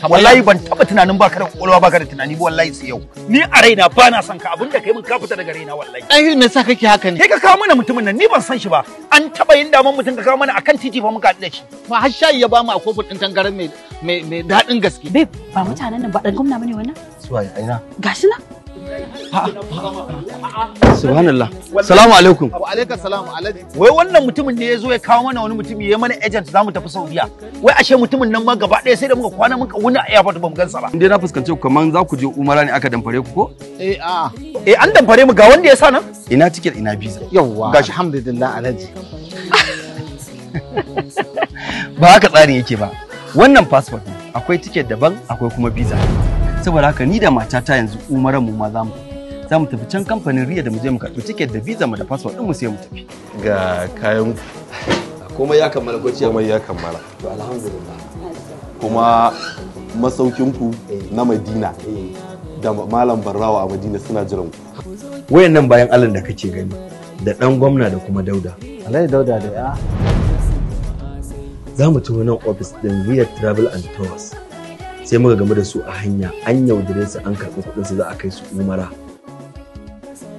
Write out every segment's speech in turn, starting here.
wallahi ban taba tunanin baka da kwakwalwa baka da tunani ba wallahi sai yau ni a raina ba na son ka abinda kai mun ka fita daga raina wallahi ai me yasa kake haka ne kai ka kawo mana mutumin nan ni ban san shi ba an taba yin daman mutum ka kawo mana akan titi fa muka da shi ma har shayi ya ba mu a kofin din tangaran mai mai dadin gaske babe ba mutanen nan ba dan gumna bane wannan suwaye aina gashi na subhanallah salamu alaikum wa alaikum salam wai wannan mutumin ne ya zo ya kawo mana wani mutumi ya mana agent zamu tafi saudiya wai ashe mutumin nan ma gaba ɗaya sai da muka kwana muka wuni a airport bamu gansa ba Inde na fuskance ku kaman za ku je umara ne aka damfare ku ko eh a eh an damfare mu ga wanda ya sa nan ina ticket ina visa yawwa gashi alhamdulillah alaji. ba haka tsarin yake ba wannan passport akwai ticket daban akwai kuma visa saboda haka ni da matata yanzu umaran mu ma za mu za mu tafi can kamfanin riya da mu je mu karɓi tiket da visa mu da passport din mu sai mu tafi ga kayan komai ya kammala ko ciya komai ya kammala to alhamdulillah kuma masaukin ku eh. na Madina eh. da malam Barrawa a Madina suna jiran ku wayannan bayan Allah da kake gani da dan gwamna da kuma Dauda Alai Dauda da ya za mu tafi nan office din Riyad Travel and Tours sai muka game da su a hanya an yaudare su an karɓi kuɗin su za a kai su umara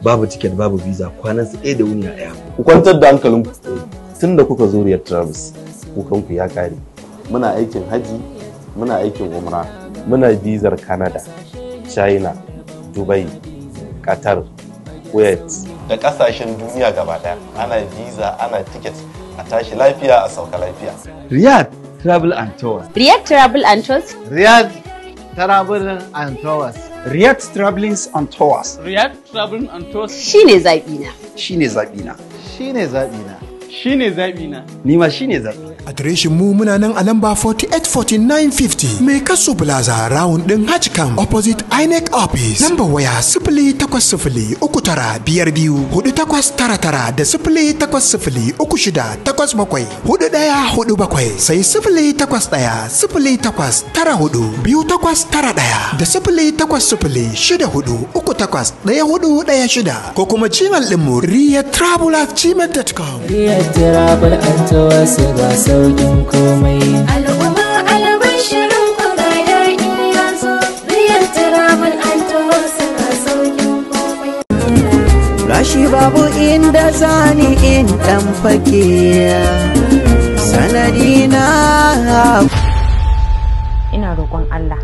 babu tiket babu visa kwanan su ɗaya da wuni a ɗaya ku kwantar da ku tun da kuka zo riyar travis kukanku ya ƙare muna aikin haji muna aikin umra muna bizar canada china dubai qatar kuwait da ƙasashen duniya gaba ɗaya ana visa ana tiket a tashi lafiya a sauka lafiya riyadh Travel and Tours. Riyad Travel and Tours. Riyad Travel and Tours. Riyad Traveling and Tours. Riyad travel and Tours. Shine zaɓina. Shine zaɓina. Shine zaɓina. Shine zaɓina. Ni ma shine zaɓina. adireshin mu muna nan a lamba 484950 mai kasu plaza round din hajjkan opposite inec office lamba waya takwas uku tara takwas tara tara da sifili takwas sifili uku shida takwas bakwai hudu ɗaya hudu bakwai sai sifili takwas ɗaya sifili takwas tara hudu biyu takwas tara ɗaya da sifili takwas sifili shida hudu uku takwas ɗaya hudu ɗaya shida ko kuma gmail ɗinmu riya travel at gmail.com komai al'umma albashirin ku ga daɗi ya zo biyan turamin an taho suna saukin komai rashi babu inda zani in ɗan fake sanadina ina roƙon Allah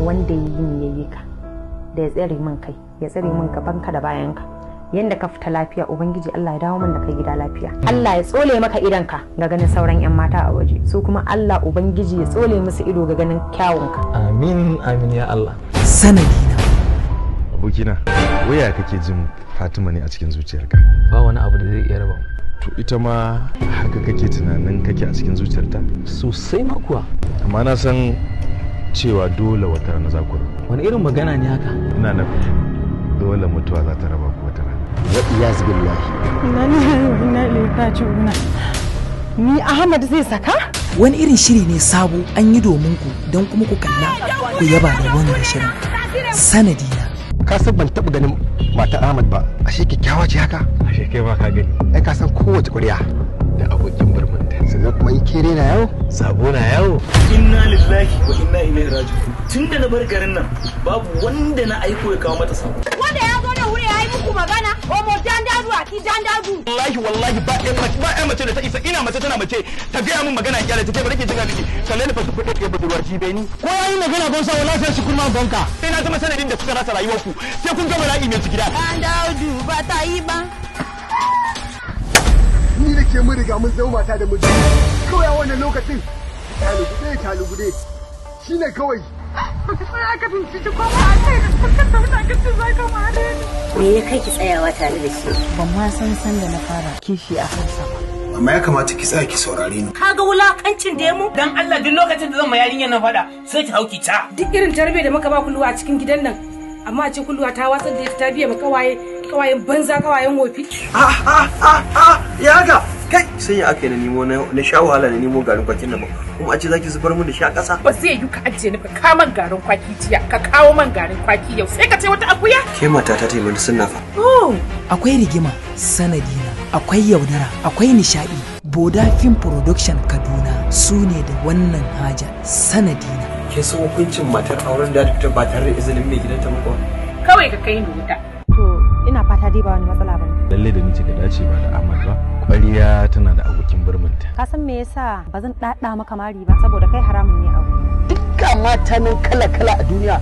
wanda ya yi ne da ya tsare min kai ya tsere min gabanka da bayanka yanda ka fita lafiya ubangiji Allah ya dawo min da kai gida lafiya Allah ya tsole maka idan ka ga ganin sauran yan mata a waje su kuma Allah ubangiji ya tsole musu ido ga ganin kyawun ka amin amin ya Allah sanadina abokina waya kake jin Fatima ne a cikin zuciyarka ba wani abu da zai iya raba to ita ma haka kake tunanin kake a cikin zuciyarta sosai ma kuwa amma na san cewa dole wata rana za ku wani irin magana ne haka ina nufin dole mutuwa za ta raba ku wata wa billahi inna lillahi wa inna ni ahmad zai saka wani irin shiri ne sabo an yi domin ku don kuma ku kalla ku yaba da wani shirin sanadi na ka san ban taba ganin mata ahmad ba ashe kyakkyawa ce haka shi kai ba ka gani ai ka san kowace ƙuri'a da abokin ta. sannan kuma in kere na yawo sabo na yawo inna lillahi wa inna ilaihi raji'un tunda na bar garin nan babu wanda na aiko ya kawo mata sabo wanda ya zo da wuri muku magana omo dandazu a ki dandazu wallahi wallahi ba ɗaya mace ba ɗaya mace da ta isa ina mace tana mace ta gaya min magana ya ta ce ba nake jin gaji sannan ni fa su kuɗe ke budurwar jibe ni ko yayi magana ban sa wallahi sai shi kuma banka sai na zama sanadin da kuka rasa rayuwar ku sai kun ga bala'i mai ciki da dandazu ba ta yi ba ni da ke mun riga mun zama mata da miji kawai a wannan lokacin talugude talugude shine kawai Sai aka tuntuci koma a kai kuka zauna ka ce za ka mare ni. Me ya kai ki tsayawa tare da shi? Ban ma san san da na fara kishi a kan ba. amma ya kamata ki tsaya ki saurare ni Ka ga wulakancin da mu dan Allah duk lokacin da zan ma yarinyar na fada sai ki hauki ta duk irin tarbe da muka ba kulluwa a cikin gidan nan amma ce kulluwa ta watsar da ta biya ma kawaye kawayen banza kawayen wofi a ah, a ah, a ah, a yaga kai sun yi aka yi na nemo na sha wahala na nemo garin kwakin nan kuma a ce zaki zubar mu da sha kasa ba zai yi ka ajiye ni ba ka man garin kwaki tiya ka kawo man garin kwaki yau sai ka ce wata akuya ke mata ta taimaka sunna fa oh akwai rigima sanadi na akwai yaudara akwai nishadi boda film production kaduna su ne da wannan haja sanadi na ke san hukuncin matar auren da ta ba tare da izinin mai gidanta ba kawai ka kai ni wuta to ina fata dai ba wani matsala ba lalle da ni ce ka dace ba da Ahmad ba ƙwariya tana da abokin birminta ka san me yasa ba zan ɗaɗa maka mari ba saboda kai haramun ne abu. dukkan mata nan kala kala a duniya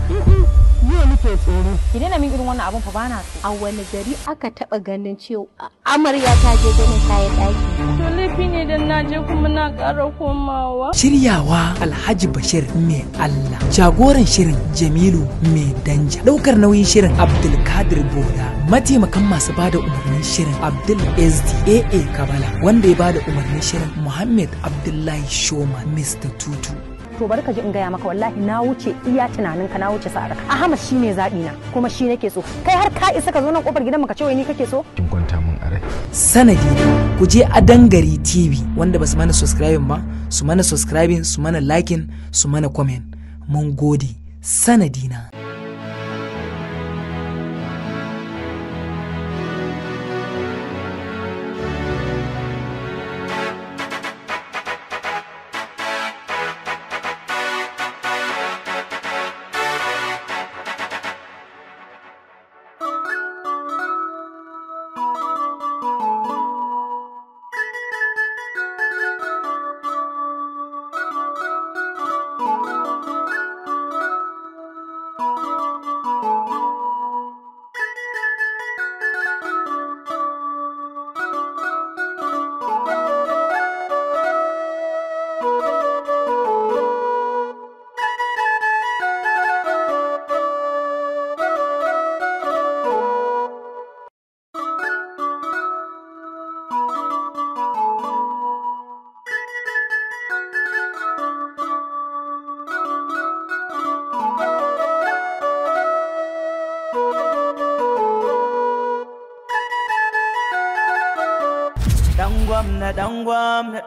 Yau nake tsoro. Ki daina min irin wannan abun fa bana so. A wani gari aka taba ganin cewa amarya ta je ganin kayan ɗaki. To laifi ne dan na je kuma na ƙara komawa. Shiryawa Alhaji Bashir mai Allah. Jagoran shirin Jamilu mai danja. Ɗaukar nauyin shirin Abdulkadir Boda. Mataimakan masu bada umarnin shirin Abdul SD AA Kabala wanda ya bada umarnin shirin Muhammad Abdullahi Shoma Mr. Tutu. to bari ka ji in gaya maka wallahi na wuce iya tunanin ka na wuce sa'ar ahmad shine zabi na kuma shi nake so kai har ka isa ka zo nan kofar gidan mu ka ce wai ni kake so kin kwanta mun a sanadi ku je a dangare tv wanda basu mana subscribing ba su mana subscribing su mana liking su mana comment mun gode sanadina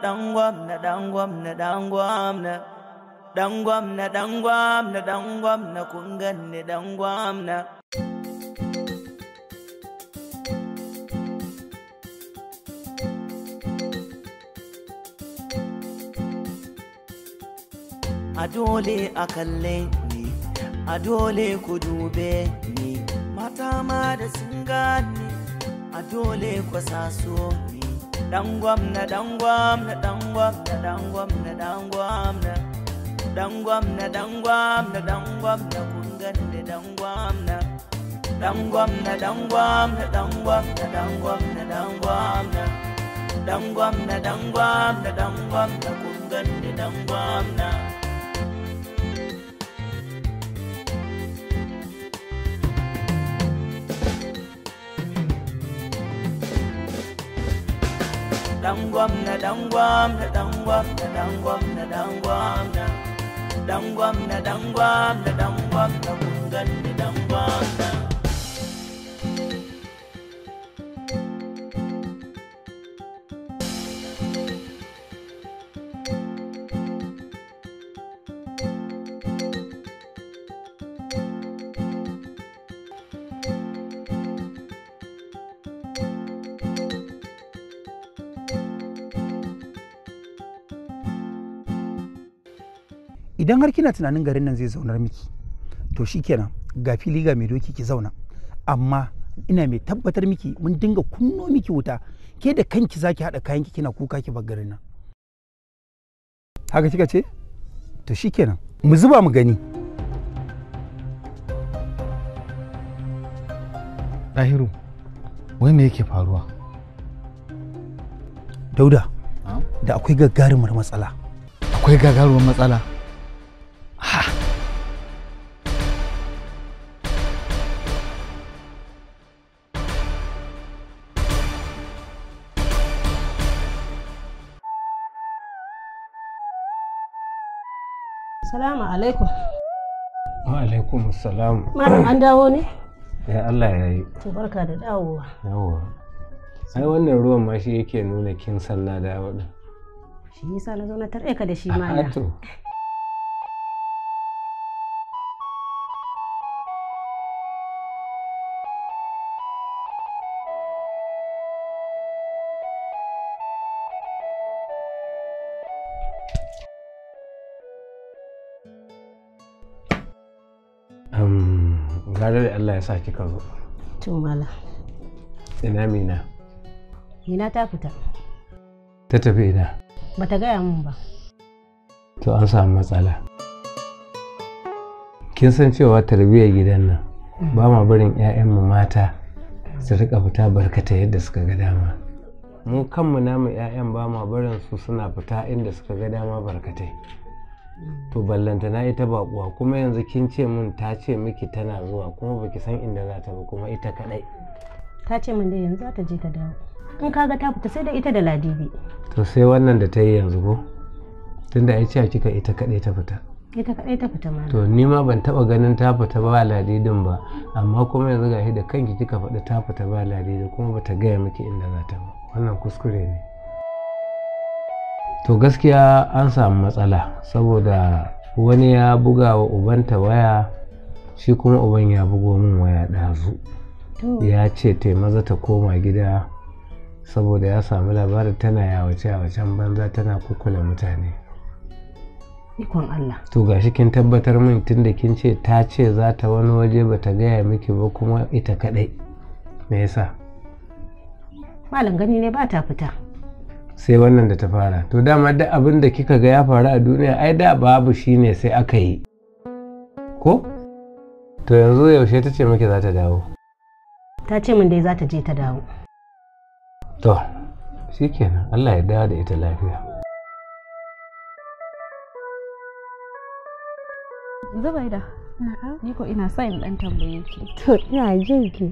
gwamna dan gwamna dan gwamna dan gwamna dan gwamna dan gwamna dan gwamna kun na. dan gwamna adole dole a kalle ni a dole ni mata ma da sun gane a ni na na na na dangwamna na, dangwamna na dangwamna na dangwamna na kun ganni dangwamna dangwamna dangwamna dangwamna dangwamna dangwamna dangwamna dangwamna dangwamna kun ganni na. dangwam na dangwam na dangwam na dangwam na dangwam na dangwam na dangwam na dangwam na bungan na dangwam na idan har kina tunanin garin nan zai zaunar miki to shikenan ga fili ga mai doki ki zauna amma ina mai tabbatar miki mun dinga kunno miki wuta ke da kanki zaki haɗa ki kina kuka ki bar garin nan haka kika ce to shikenan mu zuba mu gani ɗahiru wai me yake faruwa dauda da akwai gagarumar matsala akwai gagarumar matsala Ha! Salamu alaikum. Wa alaikum salam. Malam an dawo ne? Ya Allah ya yi. To barka da dawowa. Yawa. Ai wannan ruwan ma shi yake nuna kin sanna da wadin. Shi yasa na zo na tarɗe ka da shi ma. A'a tare da Allah ya sa kika zo to ina mina mina ta fita ta tafi ina ba bata gaya mun ba to an samu matsala kin san cewa tarbiyyar gidan nan ba ma barin mu mata su rika fita barkata yadda suka ga dama mu kanmu namu 'ya'yan ba ma barin su suna fita inda suka ga dama barkatai to ballantana ita bakuwa kuma yanzu kin ce min ta ce miki tana zuwa kuma baki san inda za ta ba kuma ita kadai ta ce min dai yanzu za ta je ta dawo in kaga ta fita sai da ita da ladibi to sai wannan da ta yi yanzu ko tunda ai ce kika ita kadai ta fita ita kadai ta fita ma to ni ma ban taba ganin ta fita ba ladidin ba amma kuma yanzu gashi da kanki kika faɗi ta fita ba ladidi kuma bata gaya miki inda za ta ba wannan kuskure ne to gaskiya an samu matsala saboda wani ya buga wa ubanta waya shi kuma uban ya bugo min waya ɗazu ya ce ta maza ta koma gida saboda ya samu labarin tana yawace a wacan banza tana kukula mutane ikon Allah to gashi kin tabbatar min tunda kin ce ta ce za ta wani waje ba ta gaya miki ba kuma ita kadai me yasa malam gani ne ba ta fita sai wannan da ta fara to dama da abin da kika ga ya faru a duniya ai da babu shine sai aka yi ko to yanzu yaushe ta ce miki za ta dawo ta ce min dai za ta je ta dawo to kenan Allah ya dawo da ita lafiya Zubaida, ni ko ina sa in dan tambaye ki. To, ina jin ki.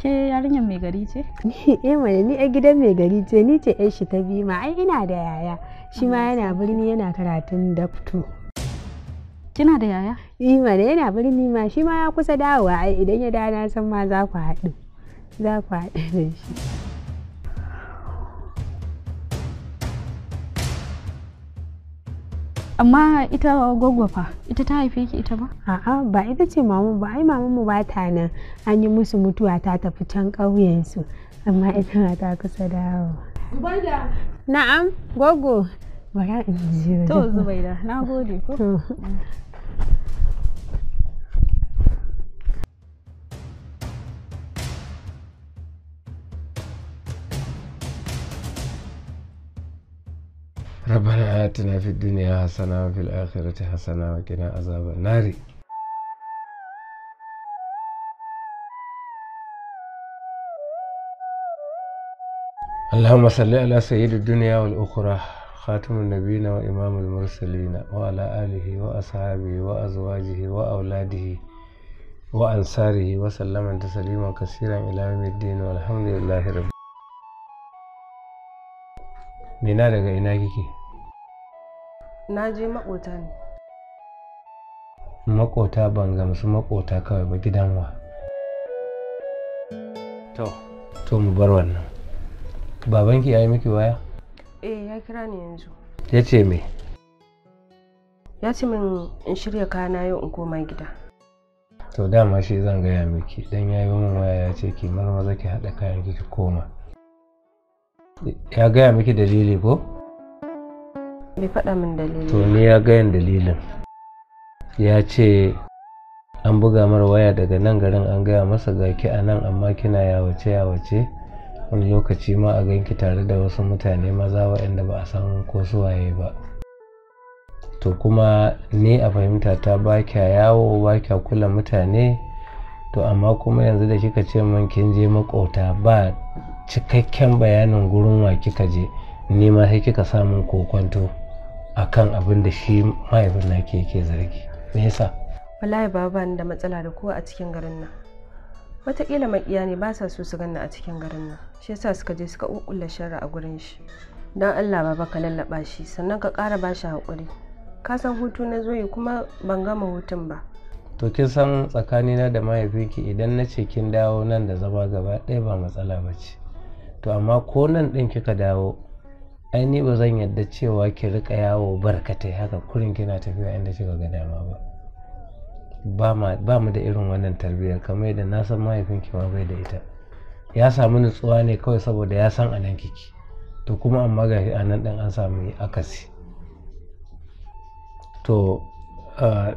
ke yarinyar mai gari ce? eh mana ni a gidan mai gari ce ni ce ai shi ta bi ma ai ina da yaya shi ma yana birni yana karatun dafto kina da yaya? eh mana yana birni ma shi ma ya kusa dawowa ai idan ya da na san ma za ku haɗu za ku haɗu da shi amma ita gwagwafa ita ta haife ki ita ba a'a ba ita ce mamu ba ai mamu mu ba ta nan an yi musu mutuwa ta tafi can su amma ita na ta kusa dawo na'am gwaggo bara in ji to zubaida na gode ko ربنا آتنا في الدنيا حسنة وفي الآخرة حسنة وقنا عذاب النار اللهم صل على سيد الدنيا والأخرى خاتم النبيين وإمام المرسلين وعلى آله وأصحابه وأزواجه وأولاده وأنصاره وسلم تسليما كثيرا إلى يوم الدين والحمد لله رب Mena daga ina kike? na je maƙota ne maƙota ban gamsu maƙota kawai ba gidan wa to to mu bar wannan babanki ya yi miki waya eh ya kira ni yanzu ya ce me ya ce min in shirya kayana yau in koma gida to dama shi zan gaya miki dan ya yi min waya ya ce ki maza ki haɗa kayan ki koma ya gaya miki dalili ko Me faɗa min dalilin to ni ya gayan dalilin ya ce an buga mara waya daga nan garin an gaya masa gaki a nan amma kina yawace yawace wani lokaci ma a ganki tare da wasu mutane maza waɗanda ba a san ko suwaye ba to kuma ni a fahimta ta ba kya yawo ba kya kula mutane to amma kuma yanzu da kika ce min kin je makota ba cikakken bayanin gurin wa kika je ni ma sai kika samun kokwanto akan abin da shi mahaifin naki yake zargi me yasa wallahi baba da matsala da kowa a cikin garin nan wataƙila maƙiya ne ba sa so su ganna a cikin garin nan shi yasa suka je suka ƙuƙulla sharra a gurin shi don allah baba ka lallaɓa shi sannan ka ƙara ba shi haƙuri ka san hutu na zoyi kuma ban gama hutun ba to kin san tsakanina da mahaifinki idan na ce kin dawo nan da zama gaba ɗaya ba matsala ba ce to amma ko nan din kika dawo ai ni ba zan yadda cewa ki rika yawo barkatai haka kurin kina tafiya inda kika ga dama ba ba mu da irin wannan tarbiyyar kamar yadda na san ki ma bai da ita ya samu nutsuwa ne kawai saboda ya san anan kiki to kuma amma ga a anan din an samu akasi to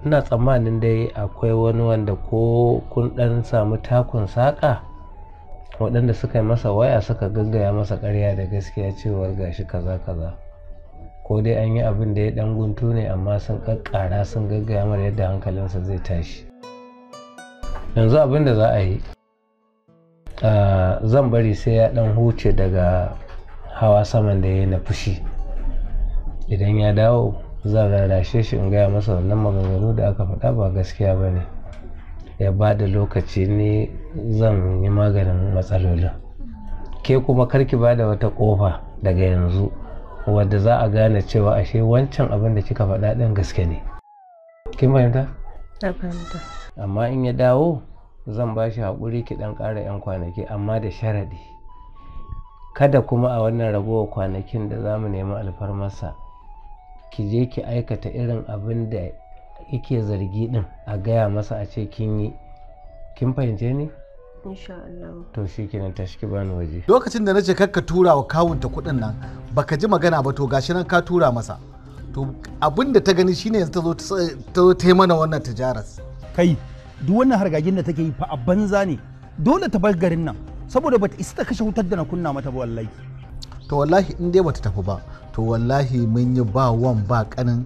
ina tsammanin dai akwai wani wanda ko kun dan samu takun saƙa waɗanda suka yi masa waya suka gaggaya masa ƙarya da gaskiya cewar gashi kaza kaza ko dai an yi abin da ya ɗan guntu ne amma sun ƙaƙƙara sun gaggaya mara yadda hankalinsa zai tashi yanzu abin da za a yi zan bari sai ya ɗan huce daga hawa saman da ya yi na fushi idan ya dawo zan rarrashe shi in gaya masa wannan maganganu da aka faɗa ba gaskiya ba ne ya ba da lokaci ne zan yi maganin matsalolin ke kuma karki ba da wata kofa daga yanzu wadda za a gane cewa ashe wancan abin da kika faɗa ɗin gaske ne kin fahimta? fahimta amma in ya dawo zan ba shi haƙuri ki ɗan ƙara 'yan kwanaki amma da sharaɗi kada kuma a wannan ragowar kwanakin da za mu nemi alfarmarsa ki je ki aikata irin abin da kike zargi din a gaya masa a ce kin yi kin fahimce ni insha Allah to shikenan tashi bani waje lokacin da na ce ka tura wa kawunta kudin nan baka ji magana ba to gashi nan ka tura masa to abin da ta gani shine yanzu ta zo ta zo ta yi mana wannan tijaras kai duk wannan hargagin da take yi fa a banza ne dole ta bar garin nan saboda bata isa ta kashe wutar da na kunna mata ba wallahi to wallahi in dai bata tafi ba to wallahi mun yi ba wan ba kanin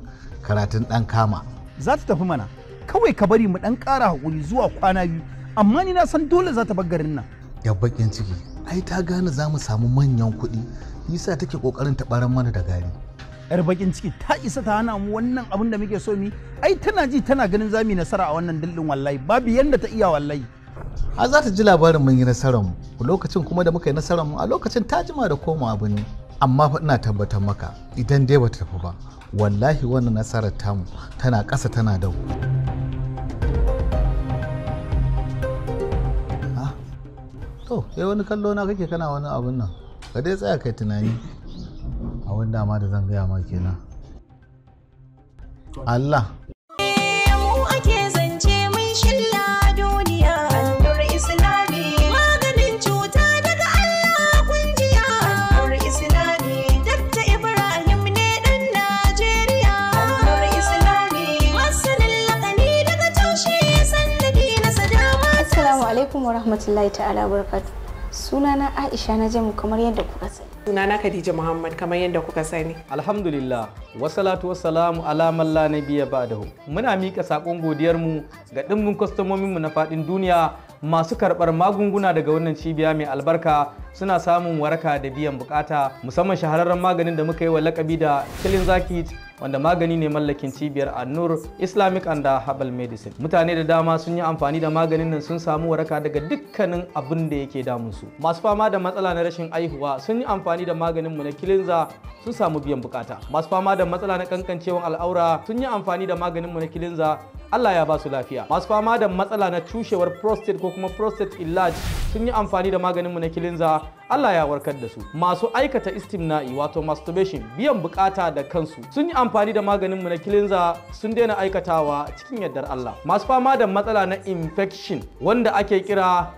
karatun dan kama za ta tafi mana kawai ka bari mu dan kara hakuri zuwa kwana biyu amma ni na san dole za ta bar garin nan ya bakin ciki ai ta gane za mu samu manyan kuɗi yasa take kokarin ta barar mana da gari yar bakin ciki ta isa ta hana mu wannan abin da muke so mi ai tana ji tana ganin zamu nasara a wannan dillin wallahi babu yanda ta iya wallahi a za ta ji labarin mun yi nasarar mu lokacin kuma da muka yi nasarar mu a lokacin ta jima da komawa ne amma fa ina tabbatar maka idan dai bata tafi ba wallahi wannan nasarar tamu tana ƙasa tana dau to sai wani kallo na kake kana wani abun nan ka dai tsaya kai tunani a wanda ma da zan gaya ma kenan Allah rahmatullahi ta'ala barkatu. Sunana Aisha na jamu kamar yadda kuka sani. Sunana Khadija Muhammad kamar yadda kuka sani. Alhamdulillah, wasalatu wassalamu ala man ba nabiyya ba'dahu. Muna mika saƙon godiyarmu ga dimbin kwastomomin mu na faɗin duniya masu karɓar magunguna daga wannan cibiya mai albarka suna samun waraka da biyan bukata musamman shahararren maganin da muka yi wa lakabi da killing zakit wanda magani ne mallakin cibiyar annur islamic and herbal medicine mutane da dama sun yi amfani da maganin nan sun samu waraka daga dukkanin abin da yake damunsu masu fama da matsala na rashin aihuwa sun yi amfani da maganin mu na kilinza sun samu biyan bukata masu fama da matsala na kankancewan al'aura sun yi amfani da maganin mu na kilinza Allah ya ba su lafiya masu fama da matsala na cushewar prostate ko kuma prostate enlarge sun yi amfani da maganin mu na kilinza Allah ya warkar da su masu aikata istimna'i wato masturbation biyan bukata da kansu sun yi amfani da maganin mu na kilinza sun daina aikatawa cikin yardar Allah masu fama da matsala na infection wanda ake kira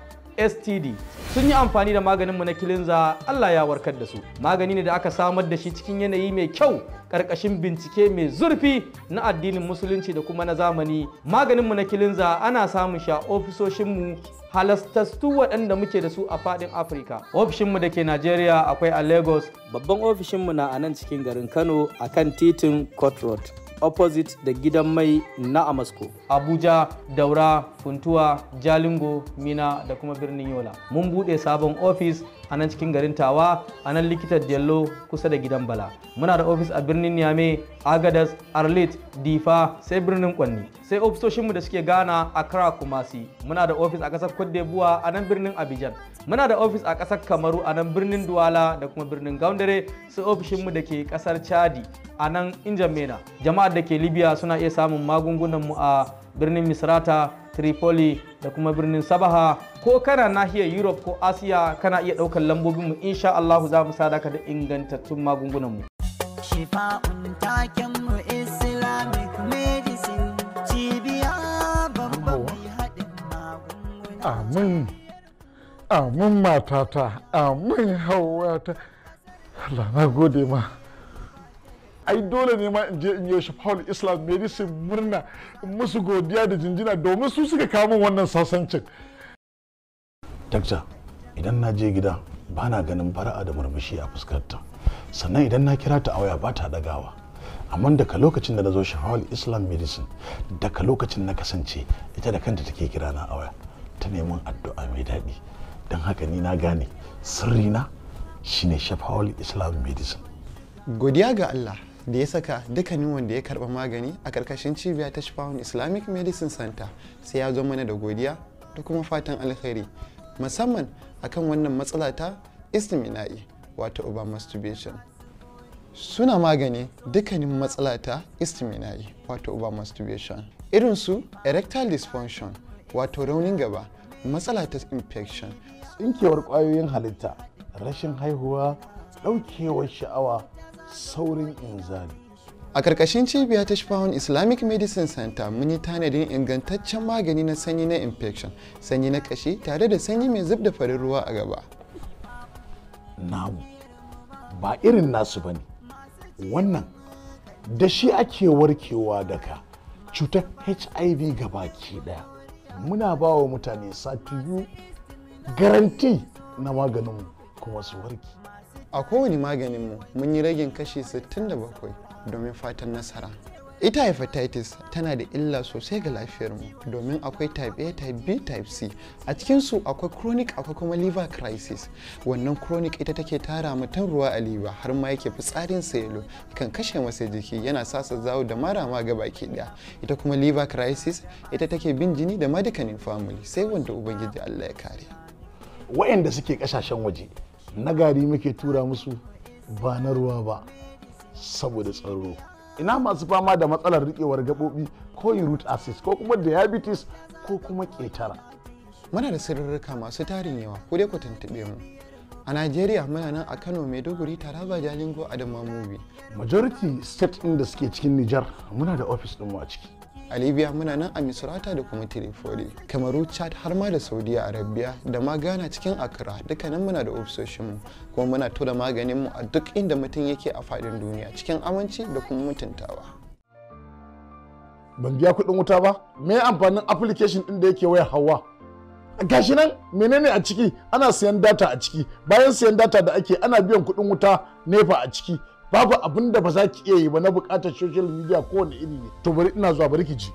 std sun yi amfani da maganinmu na kilinza allah ya warkar da su magani ne da aka samar da shi cikin yanayi mai kyau karkashin bincike mai zurfi na addinin musulunci da kuma na zamani maganinmu na kilinza ana samun sha a ofisoshinmu halastastu waɗanda muke da su a faɗin afirka ofishinmu da ke najeriya akwai a lagos babban ofishinmu na a nan cikin garin kano akan titin court road opposite da gidan mai na Amasko. Abuja, Daura, Funtuwa, Jalingo, Mina da kuma birnin Yola. Mun buɗe sabon ofis a nan cikin garin tawa a nan likitar dello kusa da gidan bala muna da ofis a birnin niame agadas arlit difa sai birnin kwanni sai ofisoshinmu da suke gana kara kumasi muna da ofis a kasar cote a nan birnin abidjan muna da ofis a kasar kamaru a nan birnin duwala da kuma birnin gaundare sai ofishinmu da ke kasar chadi a nan injamena jama'ar da ke libya suna iya samun magungunanmu a birnin misrata tripoli da kuma birnin sabaha ko kana nahiyar europe ko asiya kana iya ɗaukar lambobinmu insha allahu za mu sadaka da ingantattun magungunan mu islamic medicine amin amin matata amin hawata Allah na gode ma ai dole ne ma in je in yi shafa'ul islam medicine murna musu godiya da jinjina domin su suka min wannan sasancin dakta idan na je gida ba na ganin fara'a da murmushi a fuskarta sannan idan na kira ta a waya ba ta dagawa amma daga lokacin da na zo shahawar islam medicine daga lokacin na kasance ita da kanta take kira na awaya ta neman addu'a mai daɗi don haka ni na gane sirrina shine shafa'ul islam medicine godiya ga allah da ya saka dukkanin wanda ya karba magani a karkashin cibiya ta Shifawun Islamic Medicine Center sai ya zo mana da godiya da kuma fatan alkhairi musamman akan wannan matsala ta istimina'i wato over masturbation suna magani dukkanin matsala ta istimina'i wato over masturbation irin su erectile dysfunction wato raunin gaba matsala ta infection tsinkewar kwayoyin halitta rashin haihuwa daukewar sha'awa saurin inzali a karkashin cibiya ta shifahun islamic medicine center mun yi tanadin ingantaccen magani na sanyi na infection sanyi na kashi tare da sanyi mai zub da farin ruwa a gaba namu ba irin nasu ba ne wannan da shi ake warkewa daga cutar hiv gaba ke ɗaya, muna ba wa mutane sati biyu garanti na maganinmu kuma su warke a kowane maganinmu mun yi ragin kashi 67 domin fatan nasara ita hepatitis tana da illa sosai ga lafiyarmu domin akwai type a type b type c a cikinsu akwai chronic akwai kuma liver crisis wannan chronic ita take tara mutum ruwa a liver har ma yake fitsarin yalo kan kashe masa jiki yana sasa zawo da mara ma ga baki daya ita kuma liver crisis ita take bin jini da madikanin family sai wanda ubangiji allah ya kare Waɗanda suke kasashen waje na gari muke tura musu ba na ruwa ba saboda tsaro ina masu fama da matsalar riƙewar gaɓoɓi ko root acid ko kuma diabetes ko kuma ƙetara muna da sirrika masu tarin yawa ko dai ku tuntuɓe mu a najeriya muna nan a kano maiduguri taraba jalingo adamawa mubi majority state ɗin da suke cikin nijar muna da ofis ɗinmu a ciki a libya muna nan a misrata da kuma tripoli kamaru chad har ma da saudiya arabia da ma ghana cikin accra dukkanin muna da ofisoshinmu kuma muna tura maganinmu a duk inda mutum yake a fadin duniya cikin aminci da kuma mutuntawa ban biya kuɗin wuta ba me amfanin application ɗin da yake waya hawa gashi nan menene a ciki ana siyan data a ciki bayan siyan data da ake ana biyan kuɗin wuta nefa a ciki babu abin da ba za ki iya yi ba na bukatar social media kowane iri ne to bari ina zuwa bari ki ji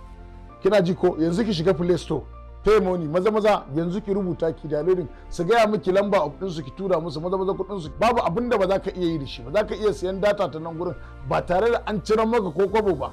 kina ji ko yanzu ki shiga play store pay money maza maza yanzu ki rubuta ki jaririn su gaya miki lamba of su ki tura musu maza maza kudin su babu abin da ba za ka iya yi da shi ba za ka iya siyan data ta nan gurin ba tare da an ciran maka ko kwabo ba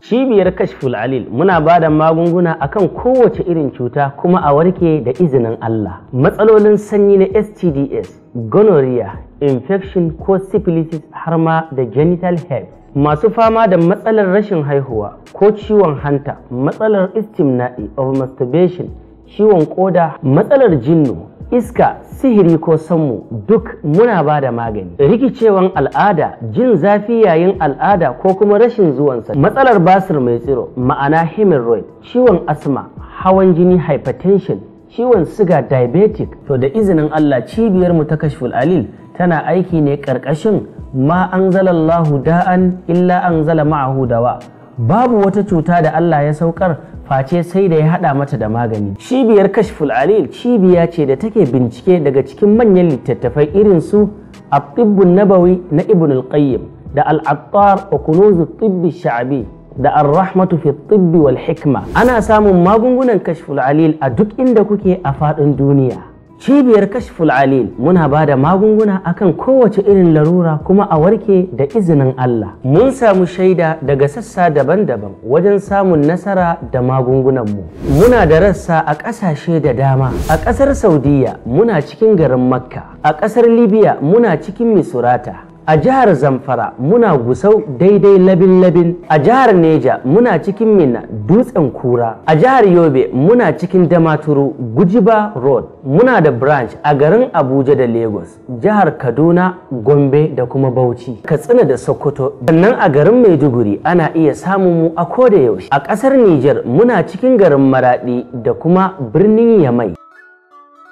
cibiyar kashful alil muna ba da magunguna akan kowace irin cuta kuma a warke da izinin Allah matsalolin sanyi na STDs gonorrhea infection ko syphilis har ma da genital herpes masu fama da matsalar rashin haihuwa ko ciwon hanta matsalar istimna'i of masturbation ciwon koda matsalar jinnu iska sihiri ko sammu duk muna ba da magani rikicewan al'ada jin zafi yayin al'ada ko kuma rashin zuwansa matsalar basir mai tsiro ma'ana hemorrhoid ciwon asma hawan jini hypertension ciwon siga diabetic to da izinin Allah cibiyar mu ta kashful alil tana aiki ne karkashin ma an anzalallahu da'an illa anzala ma'ahu dawa babu wata cuta da Allah ya saukar face sai da ya hada mata da magani cibiyar kashful alil cibiya ce da take bincike daga cikin manyan littattafai irin su abdibbun nabawi na ibn al-qayyim da al-attar wa kunuz tibbi sha'bi da ar-rahmatu fi tibbi wal hikma ana samun magungunan kashful alil a duk inda kuke a faɗin duniya cibiyar kashful alil muna ba da magunguna akan kowace irin larura kuma a warke da izinin Allah mun samu shaida daga sassa daban-daban wajen samun nasara da magungunanmu muna da rassa a ƙasashe da dama a ƙasar saudiya muna cikin garin makka a ƙasar libya muna cikin misurata a jihar zamfara muna gusau daidai labin-labin a jihar neja muna cikin minna dutsen kura a jihar yobe muna cikin damaturu gujiba road muna da branch a garin abuja da lagos jihar kaduna gombe da kuma bauchi katsina da sokoto sannan a garin maiduguri ana iya samun mu a koda yaushe a ƙasar Nijar, muna cikin garin maradi da kuma birnin yamai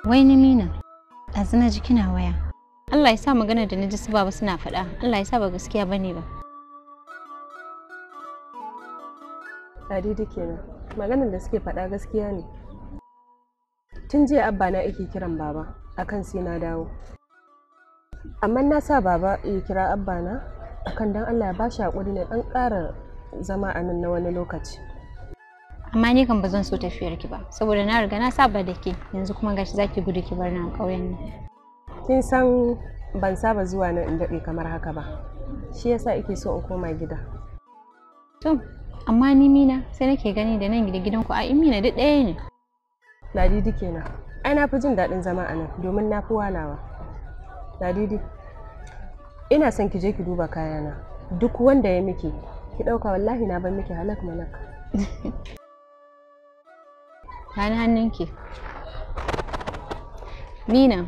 wai ni ɗazu waya Allah ya sa magana da naji su baba suna faɗa Allah ya sa ba gaskiya bane ba Ladidi kenan maganar da suke faɗa gaskiya ne tun jiya abba na yake kiran baba akan sai na dawo amma na sa baba ya kira abba na akan dan Allah ya ba shi hakuri ne dan ƙara zama a nan na wani lokaci amma ni kan ba zan so tafiyar ki ba saboda na riga na saba da ke yanzu kuma gashi zaki gudu ki bar nan ƙauyen ne kin san ban saba zuwa nan in daɗe kamar haka ba shi yasa ike so in koma gida to amma ni mina sai nake gani da nan gida ku a mina duk ɗaya ne ladidi kenan ai na fi jin daɗin zama a nan domin na fi walawa ladidi ina son ki je ki duba kayana duk wanda ya miki ki ɗauka wallahi na ban miki halak malak hannun hannunki mina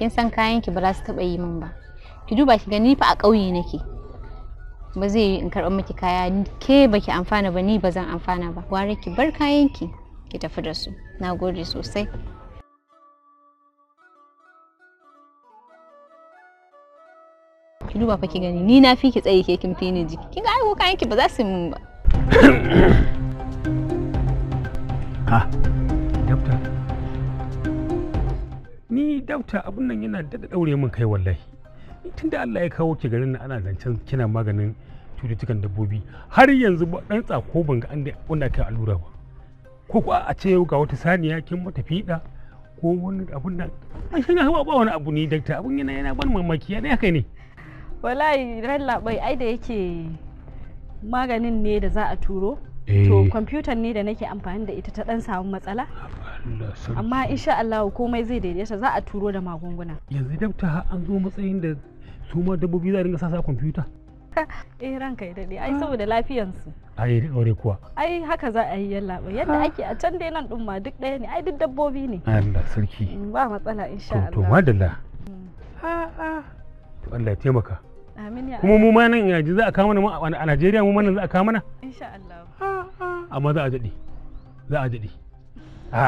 kin san kayan ki ba za su taba yi min ba ki duba ki gani fa a ƙauye nake ba zai yi in karɓar miki kaya ke baki amfana ba ni ba zan amfana ba ware ki bar kayan ki ki tafi da su na gode sosai ki duba fa ki gani ni na fi ki tsaye ke kin fini jiki kin ga ai kayan ki ba za su min ba ha dokta ni dauta abun nan yana da daure min kai wallahi tunda Allah ya kawo ki garin nan ana zancen kina maganin cututtukan dabbobi har yanzu ba dan tsako ban ga an da wanda kai allura ba ko ko a ce ga wata saniya kin mata fida ko wani abun nan an shiga ba wani abu ne dakta abun yana yana ban mamaki yana haka ne wallahi ran labai ai da yake maganin ne da za a turo to eh. kwamfutar ne da nake amfani da ita ta dan samu matsala amma insha Allah komai zai daidaita za a turo da magunguna yanzu dabta har an zo matsayin da su ma dabbobi za a dinga sasa kwamfuta eh ranka ya dade ai saboda lafiyansu ai aure kuwa ai haka za a yi ba yadda ake a can dai nan din ma duk daya ne ai duk dabbobi ne Allah sarki mm, ba matsala insha Allah to madalla mm. ha ha to Allah ya taimaka kuma mu ma nan yanzu za a kama mu a Najeriya mu ma nan za a kama na insha Allah amma za a daɗe za a daɗe a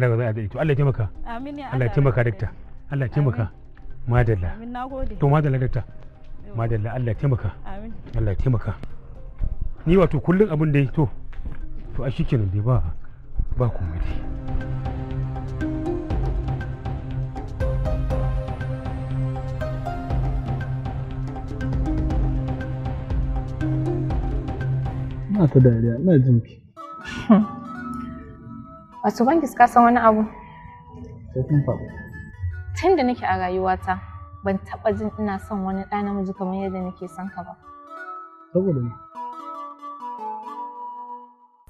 za a daɗe to Allah ya taimaka amin ya Allah ya taimaka dakta Allah ya taimaka madalla amin nagode to madalla dakta madalla Allah ya taimaka amin Allah ya taimaka ni wato kullum abin da ya to to a shikenan dai ba ba komai dai ina ta dariya ina jin ki wato ban ka san wani abu tun da nake a rayuwata ban taɓa jin ina son wani ɗa namiji kamar yadda nake son ka ba saboda me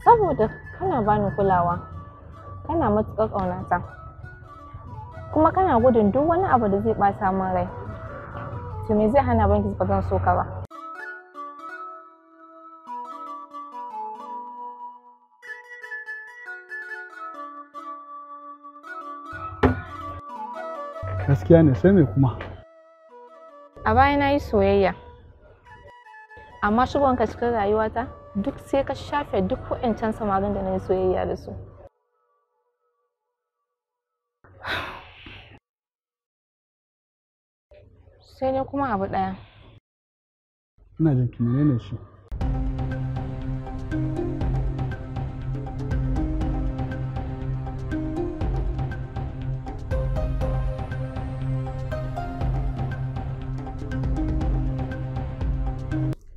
saboda kana bani kulawa kana matuƙar ƙaunata kuma kana gudun duk wani abu da zai ɓata min rai to me zai hana banki ba zan so ka ba gaskiya ne sai mai kuma a baya na yi soyayya amma shigonka cikin rayuwata duk sai ka shafe duk can samarin da na yi soyayya da su sai ne kuma abu ɗaya ina jin ne shi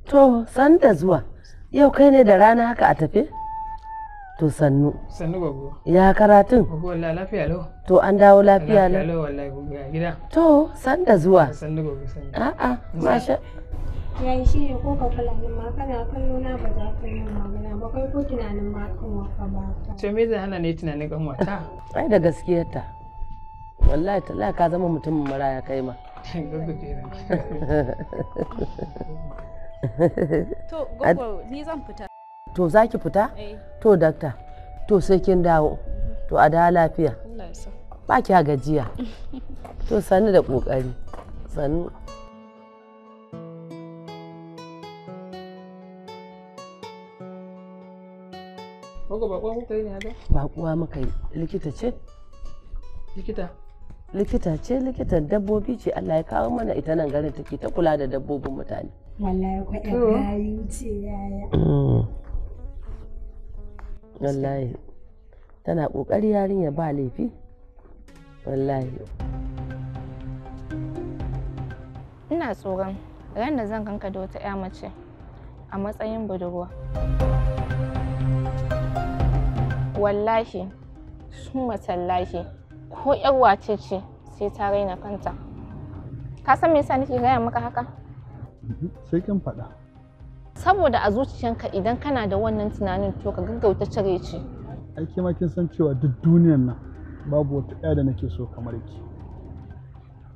To, san da zuwa. Yau kai ne da rana haka a tafe? To sannu. Sannu babu. Ya karatun? Babu wallahi lafiya lau. To an dawo lafiya lau. Lafiya lau wallahi ga gida. To, san da zuwa. Sannu babu sannu. A'a, masha. Yayi shi ne ko ka kula ni ma kana kallo na ba za ka yi magana ba kai ko tunanin ma kan waka ba. To me zai hana ne tunanin kan wata? Ai da gaskiyarta. Wallahi talaka ka zama mutumin maraya kai ma. Gaggabe to gogo ni zan fita to za ki fita eh. to dakta to sai kin dawo to a da lafiya ba ki gajiya to sani da kokari sani bakuwa muka yi ne haka? bakuwa muka yi likita ce likita likita ce likitan dabbobi ce allah ya kawo mana ita nan garin take ta kula da dabbobin mutane wallahi kwaɗa kayu ce mm. ƙoƙari yarinya ba laifi wallahi ina tsoron ran da zan ganka da wata 'ya mace a matsayin budurwa wallahi sun matsallahi ko 'yar wace ce sai ta raina kanta ka san me yasa nake gaya maka haka Mhm. sai kin faɗa saboda a zuciyanka idan kana da wannan tunanin to ka gaggauta cire shi aiki ma kin san cewa duk duniyar nan babu wata ɗaya da nake so kamar ki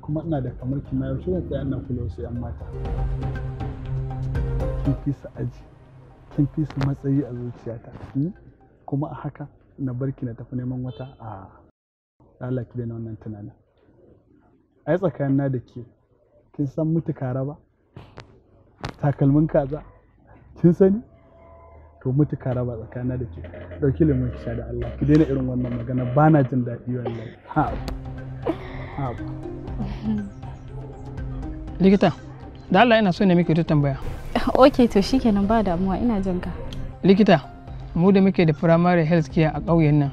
kuma ina da kamar ki na yaushe zan tsaya nan kula wasu 'yan mata kin fi su aji kin fi su matsayi a zuciyata hmm? kuma a haka na barki na tafi neman wata a lalaki da wannan tunanin ai tsakanin na da ke kin san mutu kara ba takalmin kaza kin sani to mutu ka raba tsakanin da ke ɗauki limon ki sha da Allah ki daina irin wannan magana ba na jin daɗi wallahi ha ha likita da Allah ina so ne muke ta tambaya okay to shikenan ba damuwa ina jin ka likita mu da muke da primary health care a ƙauyen nan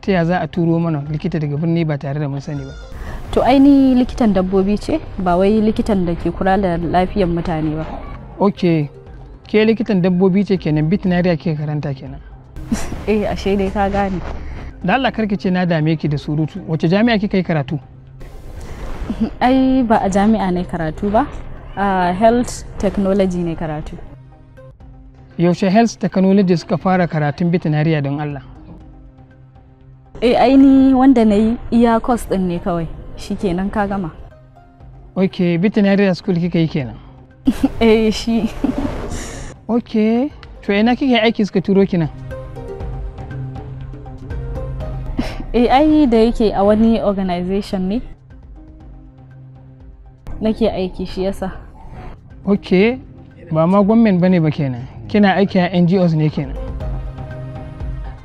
ta ya za a turo mana likita daga birni ba tare da mun sani ba to aini likitan dabbobi ce ba wai likitan da ke kula da lafiyar mutane ba ok ke likitan dabbobi ce kenan veterinary ke karanta kenan eh ashe dai ka gane da Allah karki ce na dame ki da surutu wace jami'a kika yi karatu ai ba a jami'a ne karatu ba a health technology ne karatu yaushe health technology suka fara karatun veterinary don Allah eh aini wanda na yi iya course din ne kawai shi kenan ka gama ok a school kika yi kenan eh shi ok to ina kika aiki suka turo kina. nan eh ai da yake a wani organization ne nake aiki shi yasa ok ba ma gwamnan bane ba kenan kina aiki a ngos ne kenan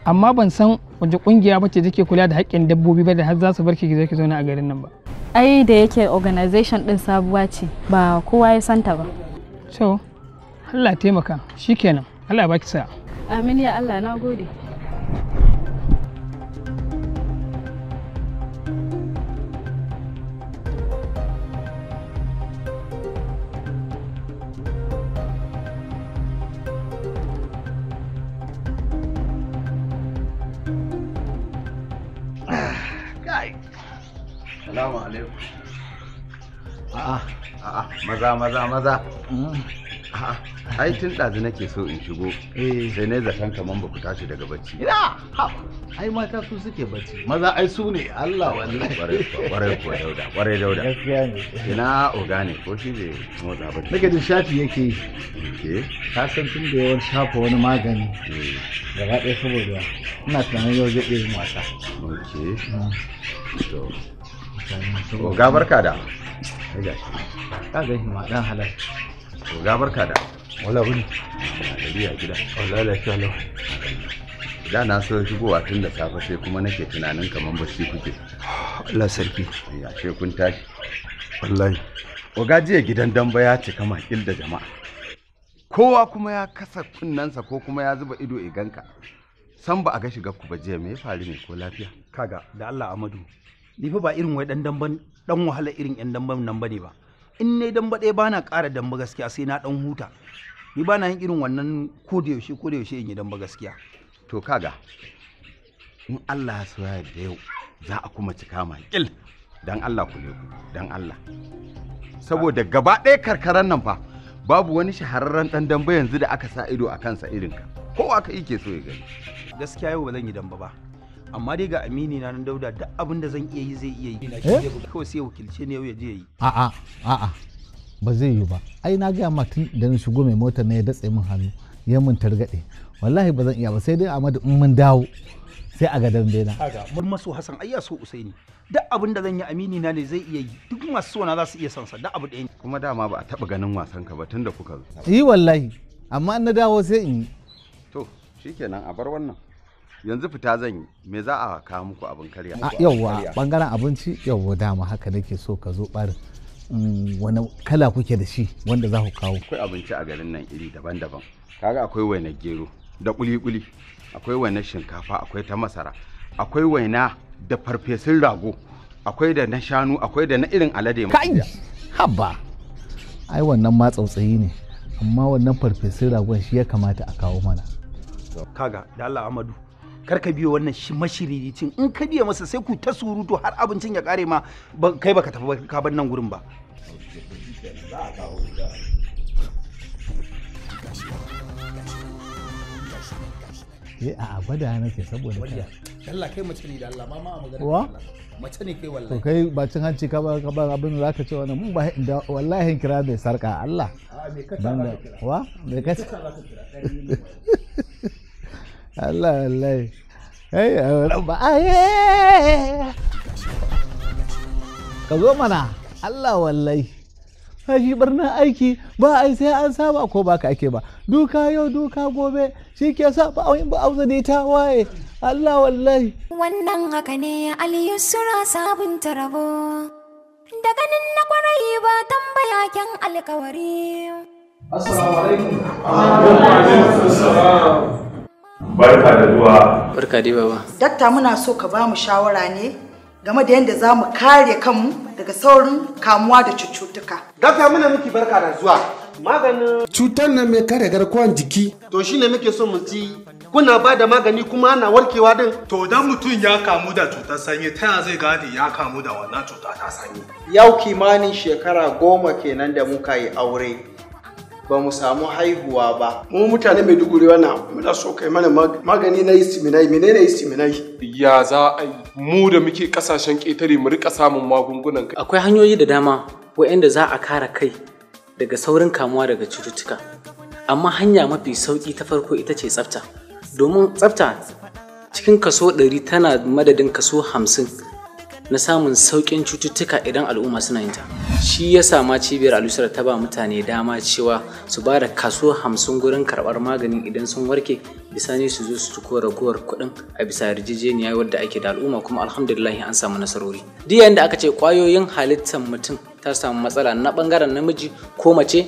amma ban san wajen kungiya bace take kula da haƙƙin dabbobi ba da har za su bar ki zo ki zauna a garin nan ba ai da yake organization din sabuwa ce ba kowa ya santa ba so Allah taimaka shikenan Allah baki sa'a amin ya Allah na gode Salamu alaikum. A'a, a'a, maza maza maza. Mm. A'a, ai tun ɗazu nake so in shigo. Eh. Sai ne zaton kaman ba ku tashi daga bacci. Ina, ai mata su suke bacci. Maza ai su ne Allah wallahi. Ƙwarai ko dauda, ƙwarai dauda. Gaskiya ne. Ina oga ne ko shi bai motsa bacci. Nake jin shafi yake yi. Ke? Ka san tun da yawan shafa wani magani. Eh. Gaba ɗaya saboda ina tunanin yau zai iya yin wasa. Ok. Mm. To. Oga barka da. Ka ga shi ma dan halal. Oga barka da. Wala bane. Dari a gida. Wala lafiya lau. Da na so shigowa tun da safe sai kuma nake tunanin kaman bacci kuke. Allah sarki. Ya she kun tashi. Wallahi. Oga jiya gidan damba ya cika makil da jama'a. Kowa kuma ya kasa kunnensa ko kuma ya zuba ido iganka. San ba a ga shiga ku ba jiya me ya faru ne ko lafiya? Kaga da Allah Amadu ni ba irin wai dan damban dan wahala irin yan damban nan bane ba in ne damba ɗaya bana ƙara damba gaskiya sai na dan huta ni bana yin irin wannan ko da yaushe ko da yaushe in yi damba gaskiya to kaga in Allah ya soya da yau za a kuma cika ma kil dan Allah ku ku dan Allah saboda gaba ɗaya karkaran nan fa babu wani shahararren dan damba yanzu da aka sa ido a kansa irin ka kowa ka ke so ya gani gaskiya yau ba zan yi damba ba amma dai ga amini na nan dauda duk abin da zan iya yi zai iya yi eh? ko sai wakilce ne ya je yi a'a a'a ba zai yi ba ai na gaya tun da na shigo mai motar na ya datse min hannu ya mun targaɗe wallahi ba zan iya ba sai dai a madu in mun dawo sai a gadon bena mun maso hasan ayya ya so usaini duk abin da zan yi amini na ne zai iya yi duk masu na za su iya son sa duk abu yin kuma dama ba a taba ganin wasan ka ba tunda kuka zo yi wallahi amma na dawo sai in yi to shikenan a bar wannan yanzu fita zan yi me za a kawo muku abin karya a ah, yawwa bangaren abinci yawwa dama haka nake so ka zo barin mm, wani kala kuke da shi wanda za ku kawo akwai abinci a garin nan iri daban-daban kaga akwai waina gero da kuli-kuli akwai waina shinkafa akwai ta masara akwai waina da farfesun rago akwai da na shanu akwai da na irin alade kai habba ai wannan ma tsautsayi ne amma wannan farfesun ragon shi ya kamata a kawo mana kaga da Allah Amadu kar ka biyo wannan mashiriricin in ka biya masa sai ku ta surutu har abincin ya kare ma kai baka tafi ka bar nan gurin ba eh a abada ke saboda ka Allah kai mace ne da Allah ma ma a magana wa mace ne kai wallahi to kai cin hanci ka ba ka ba abin da zaka ce wannan mun ba da wallahi kira bai sarka Allah a me ka wa me ka Allah wallahi uh, ah, ka zo mana Allah wallahi shi birnin aiki ba ai sai an saba ko ba ka ake ba duka yau duka gobe shi ke sa ba awin ba auza ne ta waye Allah wallai. wannan haka ne Aliyusura sabunta rabo da ganin na kwarai ba tambaya kyan alkawari assalamu alaikum Barka da zuwa. Barka dai baba. Dakta muna so ka ba mu shawara ne game da yadda za mu kare kanmu daga saurin kamuwa da cututtuka. Dakta muna miki barka da zuwa. Maganin cutar nan mai kare garkuwar jiki. To shi ne muke so mu ji kuna ba da magani kuma ana warkewa din. To dan mutum ya kamu da cutar sanyi ta yaya zai gane ya kamu da wannan cuta ta sanyi. Yau kimanin shekara goma kenan da muka yi aure. ba mu samu haihuwa ba mu mutane mai duguri wannan muna so kai mana magani na istiminai menene siminai. ya za a yi mu da muke kasashen ƙetare mu rika samun magungunan kai akwai hanyoyi da dama waɗanda za a kare kai daga saurin kamuwa daga cututtuka amma hanya mafi sauƙi ta farko ita ce tsafta domin tsafta cikin kaso ɗari tana madadin kaso hamsin. na samun sauƙin cututtuka idan al'umma suna yin ta shi ya sama cibiyar alusar ta ba mutane dama cewa su ba da kaso hamsin gurin karɓar maganin idan sun warke bisa ne su zo su ciko ragowar kuɗin a bisa yarjejeniya wadda ake da al'umma kuma alhamdulillah an samu nasarori duk yayin aka ce ƙwayoyin halittar mutum ta samu matsala na ɓangaren namiji ko mace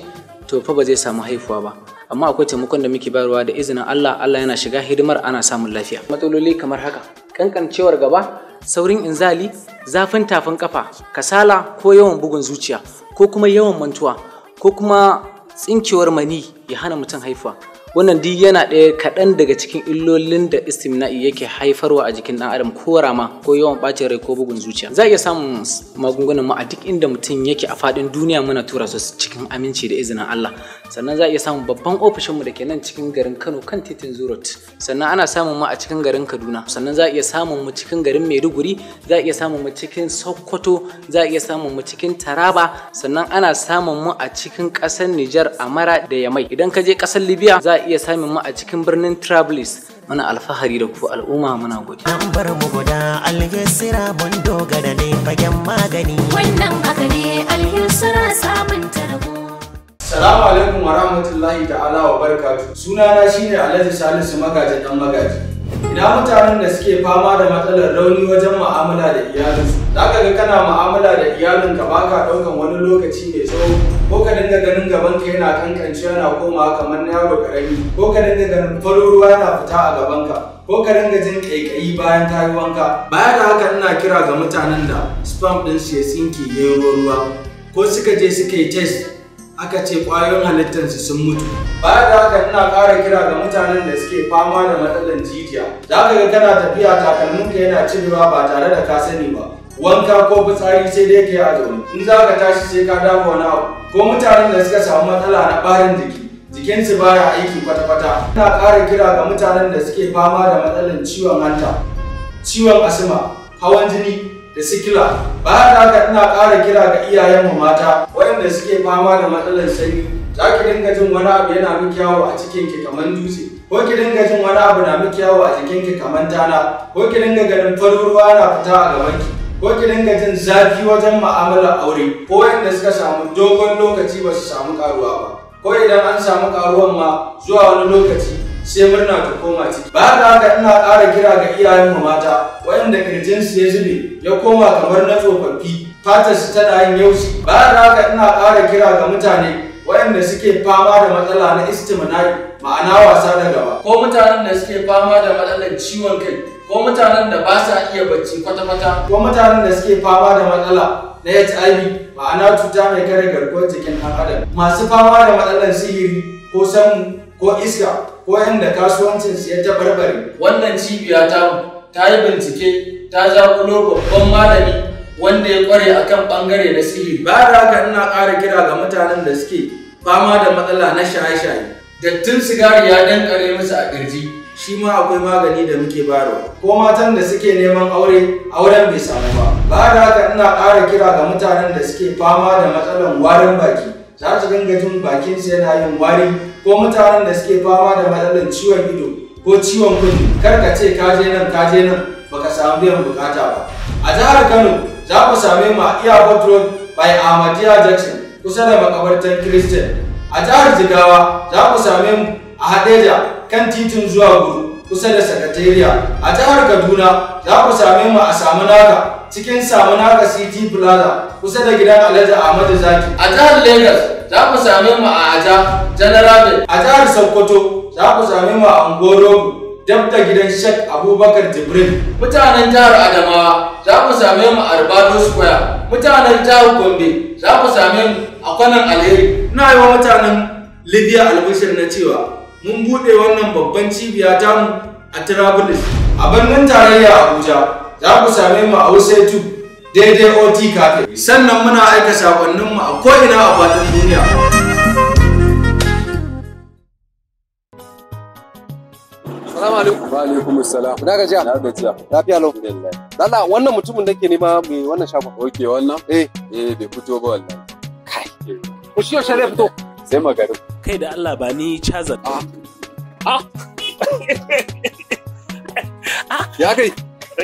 to fa ba zai samu haifuwa ba amma akwai taimakon da muke bayarwa da izinin Allah Allah yana shiga hidimar ana samun lafiya matsaloli kamar haka kankancewar gaba saurin inzali zafin tafin kafa kasala ko yawan bugun zuciya ko kuma yawan mantuwa ko kuma tsinkewar mani ya hana mutum haifuwa wannan duk yana ɗaya kaɗan daga cikin illolin da istimna'i yake haifarwa a jikin ɗan adam ko rama ko yawan ɓacin rai ko bugun zuciya za a iya samun magungunan mu a duk inda mutum yake a faɗin duniya muna tura su cikin aminci da izinin Allah sannan za a iya samun babban ofishin mu da ke nan cikin garin Kano kan titin Zurot sannan ana samun mu a cikin garin Kaduna sannan za a iya samun mu cikin garin Maiduguri za a iya samun mu cikin Sokoto za a iya samun mu cikin Taraba sannan ana samun mu a cikin ƙasar Nijar Amara da Yamai idan ka je ƙasar Libya za iya samun mu a cikin birnin Trablis muna alfahari da ku al'umma muna gode. An bar mu guda alhisira mun dogara ne fagen magani. Wannan haka ne alhisira samun tarbo. Salamu alaikum wa rahmatullahi ta'ala wa barakatu. Sunana shine Alhaji Salisu magajin dan Magaji. Ina mutanen da suke fama da matsalar rauni wajen mu'amala da iyalinsu. Za ka ga kana mu'amala da iyalinka ba ka ɗaukan wani lokaci mai tsawo ko ka dinga ganin ka yana kankance yana komawa kamar na yaro ƙarami ko ka dinga ganin farin ruwa yana fita a gaban ka. ko ka dinga jin ƙaiƙayi bayan ta yi wanka. Baya da haka ina kira ga mutanen da spam ɗin su ya tsinke ya ruwa ko suka je suka yi test aka ce ƙwayoyin halittarsu sun mutu. Bayan da haka ina ƙara kira ga mutanen da suke fama da matsalar jijiya. Za ka ga kana tafiya takalminka yana cirewa ba tare da ka sani ba. Wanka ko fitsari sai dai ka yi a zaune. In za ka tashi sai ka dafa wani abu. Ko mutanen da suka samu matsala na ɓarin jiki. Jikinsu baya aiki kwata-kwata. Ina ƙara kira ga mutanen da suke fama da matsalar ciwon hanta, ciwon asma, hawan jini, da sikila bayan haka ina ƙara kira ga iyayen mu mata waɗanda suke fama da matsalar sanyi za ki dinga jin wani abu yana miki yawo a cikin ki kamar dutse ko ki dinga jin wani abu na miki yawo a jikin ki kamar tana ko ki dinga ganin farin ruwa na fita a gaban ki ko ki dinga jin zafi wajen mu'amalar aure ko waɗanda suka samu dogon lokaci ba su samu karuwa ba ko idan an samu karuwan ma zuwa wani lokaci sai murna ta koma ciki. Ba da haka ina ƙara kira ga iyayen mu mata waɗanda su ya zube ya koma kamar na tsofaffi su tana yin yaushi. Ba da haka ina ƙara kira ga mutane waɗanda suke fama da matsala na istimnai ma'ana wasa da gaba. Ko mutanen da suke fama da matsalar ciwon kai ko mutanen da ba sa iya bacci kwata-kwata. Ko mutanen da suke fama da matsala na HIV ma'ana cuta mai kare garkuwar jikin ɗan adam masu fama da matsalar sihiri ko samu ko iska kasuwancin kasuwancin ya tabarbare. Wannan cibiya ta ta yi bincike ta zakulo babban malami wanda ya kware kan bangare na sihiri. Ba da haka ina ƙara kira ga mutanen da suke fama da matsala na shaye-shaye. Dattin sigari ya dankare musu a ƙirji. Shi ma akwai magani da muke bayarwa. Ko matan da suke neman aure, auren bai samu ba. Ba da haka ina ƙara kira ga mutanen da suke fama da matsalan warin baki. Za su dinga jin bakinsu yana yin wari ko mutanen da suke fama da matsalar ciwon ido ko ciwon kudi kar ka ce ka je nan ka je nan baka samu biyan bukata ba a jihar Kano za ku same mu a Airport Road by Ahmadiyya Jackson kusa da makabartar Christian a jihar Jigawa za ku same mu a Hadeja kan titin zuwa Guru kusa da Sakatariya a jihar Kaduna za ku same mu a Samunaka cikin Samunaka City Plaza kusa da gidan Alhaji Ahmadu Zaki a jihar Lagos za ku same mu a Aja General a jihar Sokoto za ku same mu a Angorogu dab da gidan Shek Abubakar Jibril mutanen jihar Adamawa za ku same mu a Ribado Square mutanen jihar Gombe za ku same mu a kwanan Alheri ina yi wa mutanen Libya albishir na cewa mun buɗe wannan babban cibiya tamu a Trablus a birnin tarayya Abuja za ku same mu a Usaitu daidai ot kafin sannan muna aika sakonninmu a ko'ina a fatan duniya Salamu alaikum. Wa alaikum Na gajiya? Na gajiya. Lafiya lau. Alhamdulillah. Lala wannan mutumin da ke nema mai wannan shagon. Ok wannan? Eh. Eh bai fito ba wallahi. Kai. Ku shi yaushe zai fito? Sai magari. Kai da Allah ba ni caza. Ah. Ah. Ya kai.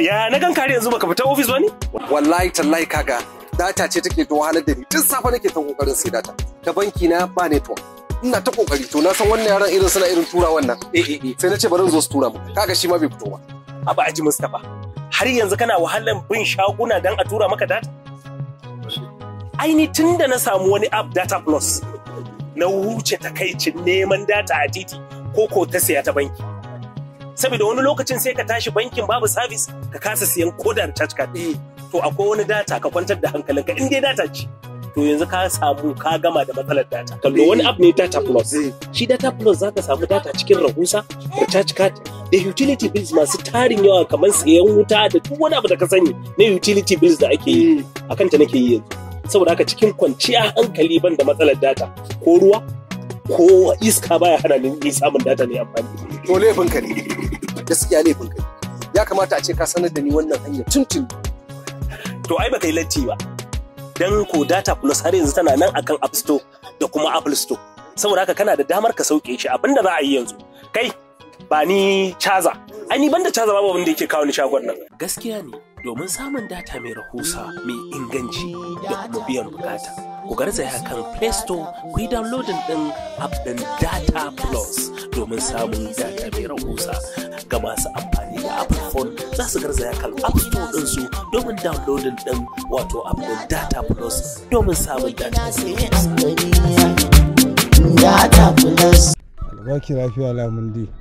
ya na gan kare yanzu baka fita ofis ba ne wallahi tallahi kaga data ce take da wahalar da ni tun safe nake ta kokarin sai data ta banki na ba network ina ta kokari to na san wannan yaran irin suna irin tura wannan eh eh, eh. sai na ce bari zo su tura mu kaga shi ma bai fito ba aba aji mustafa har yanzu kana wahalan bin shaguna dan a tura maka data aini tun da na samu wani app data plus na wuce takaicin neman data a titi ko ko ta siya ta banki saboda wani lokacin sai ka tashi bankin babu sabis ka kasa siyan kodar charge card eh. to akwai wani data ka kwantar da hankalinka in dai data ce to yanzu ka samu ka gama da matsalar data kallo wani app ne data plus eh. shi data plus zaka samu data cikin rahusa da charge card da utility bills masu tarin yawa kamar siyan wuta da duk wani abu da ka sani na utility bills da ake yi eh. akan ta nake yi yanzu saboda haka cikin kwanciya hankali ban da matsalar data ko ruwa ko iska baya hana ni samun data ne amfani to laifin ka ne gaskiya laifin ka ya kamata a ce ka sanar da ni wannan hanyar tuntun to ai baka yi latti ba dan ko data plus har yanzu tana nan akan app store da kuma apple store saboda haka kana da damar ka sauke shi abinda za a yi yanzu kai ba ni caza ai ni banda caza babu wanda yake kawo ni shagon nan gaskiya ne domin samun data mai rahusa mai inganci da kuma biyan bukata. Ku garzaya kan Play Store ku yi downloading ɗin app Data Plus domin samun data mai rahusa ga masu amfani da Apple Phone za su garzaya kan App Store ɗinsu domin downloading ɗin wato app ɗin Data Plus domin samun data mai rahusa. lafiya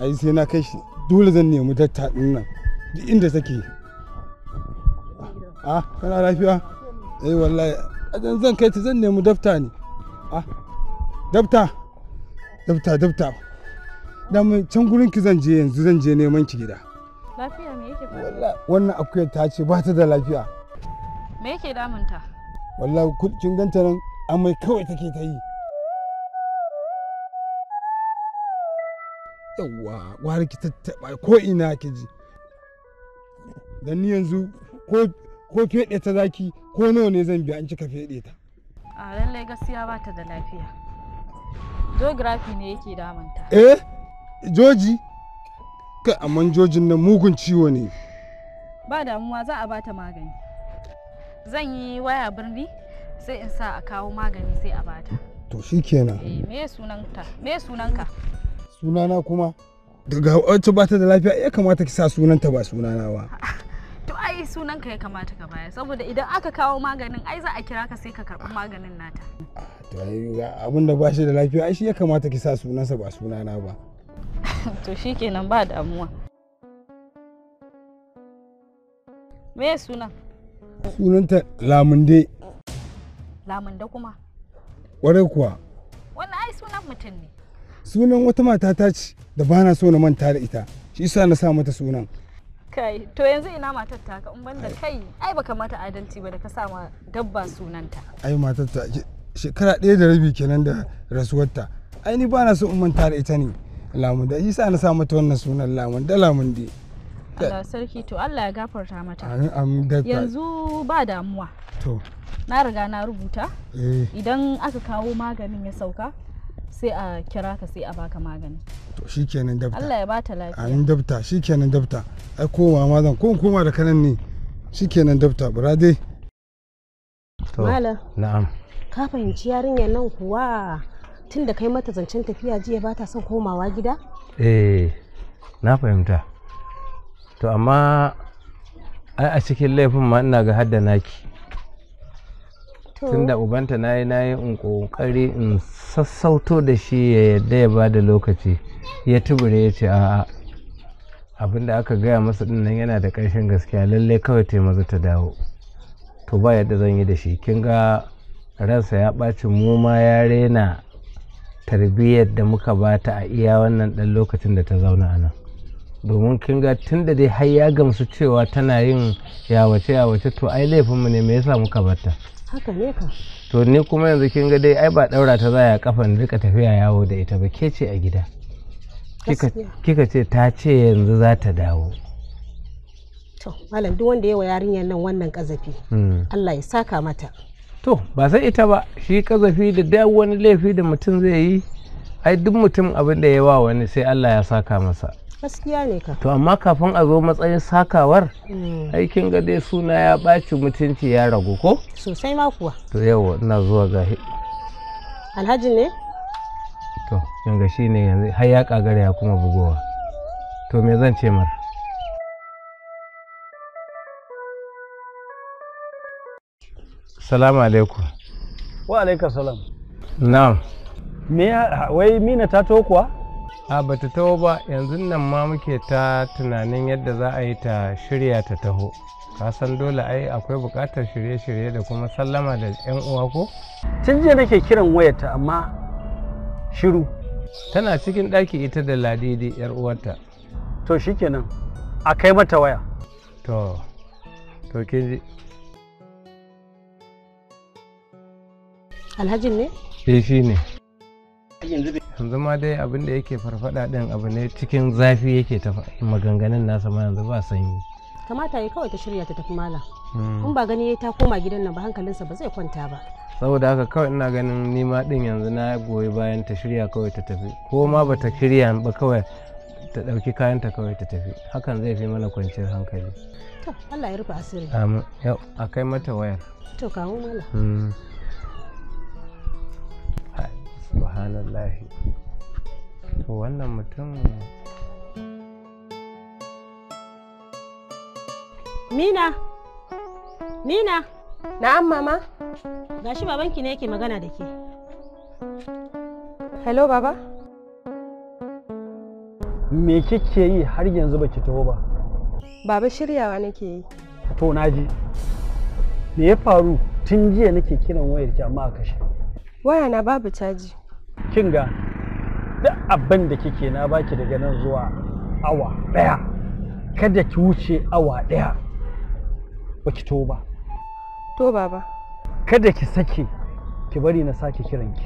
ai sai na kai shi dole zan nemi datta nan duk inda take a ah, kana lafiya eh wallahi ajan zan kai ta zan nemi dafta ne a ah, dafta dafta dafta da mu can gurin ki zan je yanzu zan je neman ki gida lafiya me yake faruwa wannan akuyar ta ce ba ta da lafiya me yake damunta wallahi kin ganta nan amai kawai take ta yi yawwa gwara ki tattaɓa ko ina ki ji dan ni yanzu ko ko feɗe ta zaki ko nawa ne zan biya an cika feɗe ta a lallai gaskiya ba ta da lafiya geography ne yake damanta. eh joji ka amma jojin nan mugun ciwo ne ba damuwa za a bata magani zan yi waya birni sai in sa a kawo magani sai a bata to shi kenan. Eh, me sunanka me sunana kuma daga wacce ta da lafiya ya kamata ki sa sunanta ba sunana ba to ai sunan ka ya kamata ka baya saboda idan aka kawo maganin ai za a kira ka sai ka karɓi maganin nata to abin da ba shi da lafiya ai shi ya kamata ki sa sunansa ba sunana ba to shikenan ba damuwa me sunan sunanta lamunde lamunde kuma ƙwarai kuwa wani ai sunan mutum ne sunan wata mata ta ce da ba na so na manta da ita shi sa na sa mata sunan kai to yanzu ina matar ta in banda kai ai baka mata adalci ba da ka sa ma dabba sunanta ai matar ta shekara ɗaya da rabi kenan da rasuwarta ai ni bana so in manta da ita ne lamun da isa na sa mata wannan sunan lamun da lamun dai Allah sarki to Allah ya gafarta mata yanzu ba damuwa to na riga na rubuta eh. idan aka kawo maganin ya sauka sai a kira ka sai a baka magani to shikenan dabta Allah ya bata lafiya an dabta shikenan dabta ai koma ma zan ko koma da kanan ne shikenan dabta bura dai malam na'am ka fahimci yarinyar nan kuwa tun da kai mata zancen tafiya jiya ba ta son komawa gida eh na fahimta to amma ai a cikin laifin ma ina ga hadda naki tun da ubanta na yi na yi in kokari in sassauto da shi ya yadda ya ba da lokaci ya tubure ya ce a'a abin da aka gaya masa din nan yana da ƙarshen gaskiya lallai kawai ta maza ta dawo to ba yadda zan yi da shi kin ga ransa ya ɓaci mu ma ya rena tarbiyyar da muka bata a iya wannan ɗan lokacin da ta zauna a nan domin kin ga tun da dai har ya gamsu cewa tana yin yawace yawace to ai laifinmu ne me yasa muka bata haka ne ka to ni kuma yanzu kin ga dai ai ba daura ta zaya kafan rika tafiya yawo da ita ba ke ce a gida kika ce ta ce yanzu za ta dawo to malam duk wanda yawa yarinyar nan wannan kazafi hmm. Allah ya saka mata to ba sai ita ba shi kazafi da duk wani laifi da mutum zai yi ai duk mutum abin da ya wa wani sai Allah ya saka masa gaskiya ne ka to amma kafin a zo matsayin sakawar hmm. aikin ga dai suna ya ɓaci mutunci ya ragu ko sosai ma kuwa to yawa ina zuwa ga alhaji ne to yanga shi ne yanzu har ya kagara ya kuma bugowa to me zan ce mara salamu alaikum wa alaika salam na'am me wai mina ta to kuwa a bata taho ba yanzu nan ma muke ta tunanin yadda za a yi ta shirya ta taho kasan dole ai akwai bukatar shirye-shirye da kuma sallama da 'yan uwa ko tun jiya nake kiran wayarta amma shiru tana cikin ɗaki ita da ladidi 'yar uwarta to shikenan a kai mata waya to to ji alhajin ne eh shi ne yanzu ma dai abin da yake farfada din abu ne cikin zafi yake ta maganganun nasa ma yanzu ba sanyi kamata ya kawai ta shirya ta tafi mala hmm. in ba gani ta koma gidan nan ba hankalinsa ba zai kwanta ba saboda haka kawai ina ganin nima din yanzu na goyi bayan ta shirya kawai ta tafi ko ma ba ta shirya ba kawai ta ɗauki ta kawai ta tafi hakan zai fi mana kwanciyar hankali to Allah ya rufe asiri amin yau a mata wayar to kawo mala hmm. subhanallahi to wannan mutum mina mina na'am mama gashi babanki ne yake magana da ke hello baba me kike yi har yanzu baki taho ba baba shiryawa nake yi to naji me ya faru tun jiya nake kiran wayarki amma a kashe waya na babu caji kin ga duk abin da kike na baki daga nan zuwa awa ɗaya kada ki wuce awa ɗaya baki toba to baba kada ki sake ki bari na sake kiranki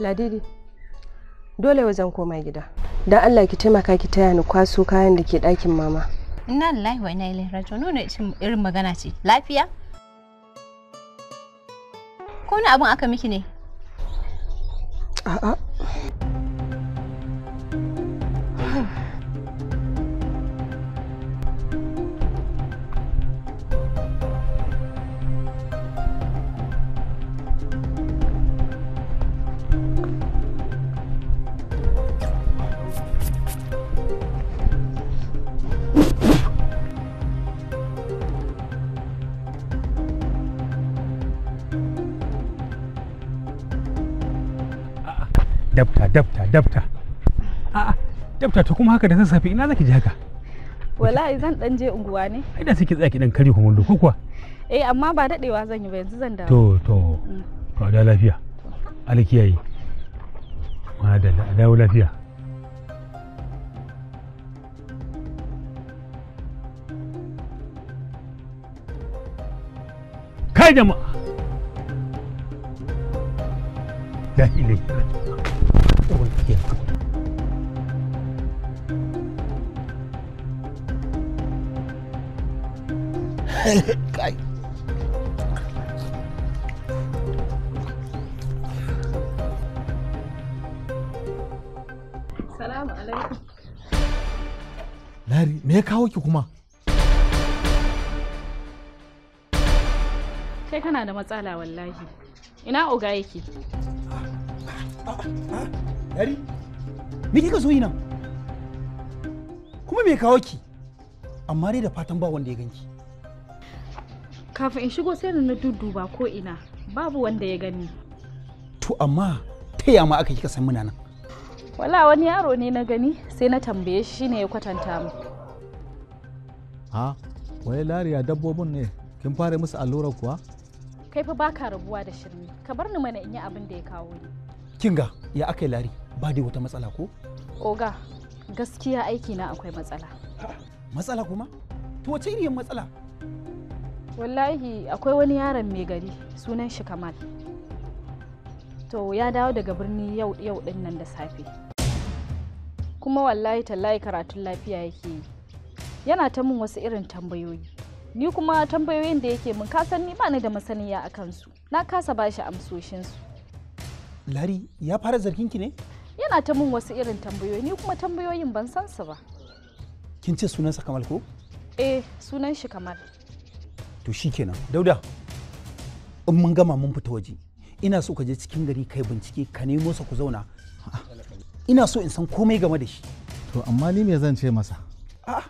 Ladidi. dole wajen koma gida dan Allah ki taimaka ki taya ni kwaso kayan da ke ɗakin mama inna lillahi wa ina ilaihi raji'un nuna irin magana ce lafiya ko wani abin aka miki ne dabta a'a dabta to kuma haka da sassafe ina zaki je haka wallahi zan dan je unguwa ne ai da suke tsaki dan kare kuma doko kuwa eh amma ba dadewa zan yi ba yanzu zan dawo to to to da lafiya alkiyayi madalla a dawo lafiya kai jama'a la ilaha kai Lari, me ya kawo ki kuma? Kai kana da matsala wallahi. Ina oga yake? Lari, me kika so yi nan? Kuma me ya kawo ki? Amma dai da fatan ba wanda ya ganki. kafin in shigo sai na dudduba ko ina babu wanda ya gani to amma ta yama aka kika san muna nan wala wani yaro ne na gani sai na tambaye shi ne ya kwatanta mu ha wai lariya dabbobin ne kin fara musu allurar kuwa kai fa baka rabuwa da shirme ka bar ni mana in yi abin da ya kawo ni kinga ya akai lari ba dai wata matsala ko oga gaskiya aiki na akwai matsala matsala kuma to wace iriyan matsala wallahi akwai wani yaron mai gari sunan shi kamal to ya dawo daga birni yau yau din nan da safe kuma wallahi tallahi karatun lafiya yake yi yana ta min wasu irin tambayoyi ni kuma tambayoyin da yake min kasan ni bani da masaniya a kansu na kasa ba amsoshin amsoshinsu lari ya fara zargin ki ne yana ta min wasu irin tambayoyi ni kuma tambayoyin ban san su ba kin ce sunansa kamal ko eh sunan shi kamal to shikenan dauda in mun gama mun fita waje ina so ka je cikin gari kai bincike ka nemo sa ku zauna ina so in san komai game da shi to amma ni me zan ce masa a'a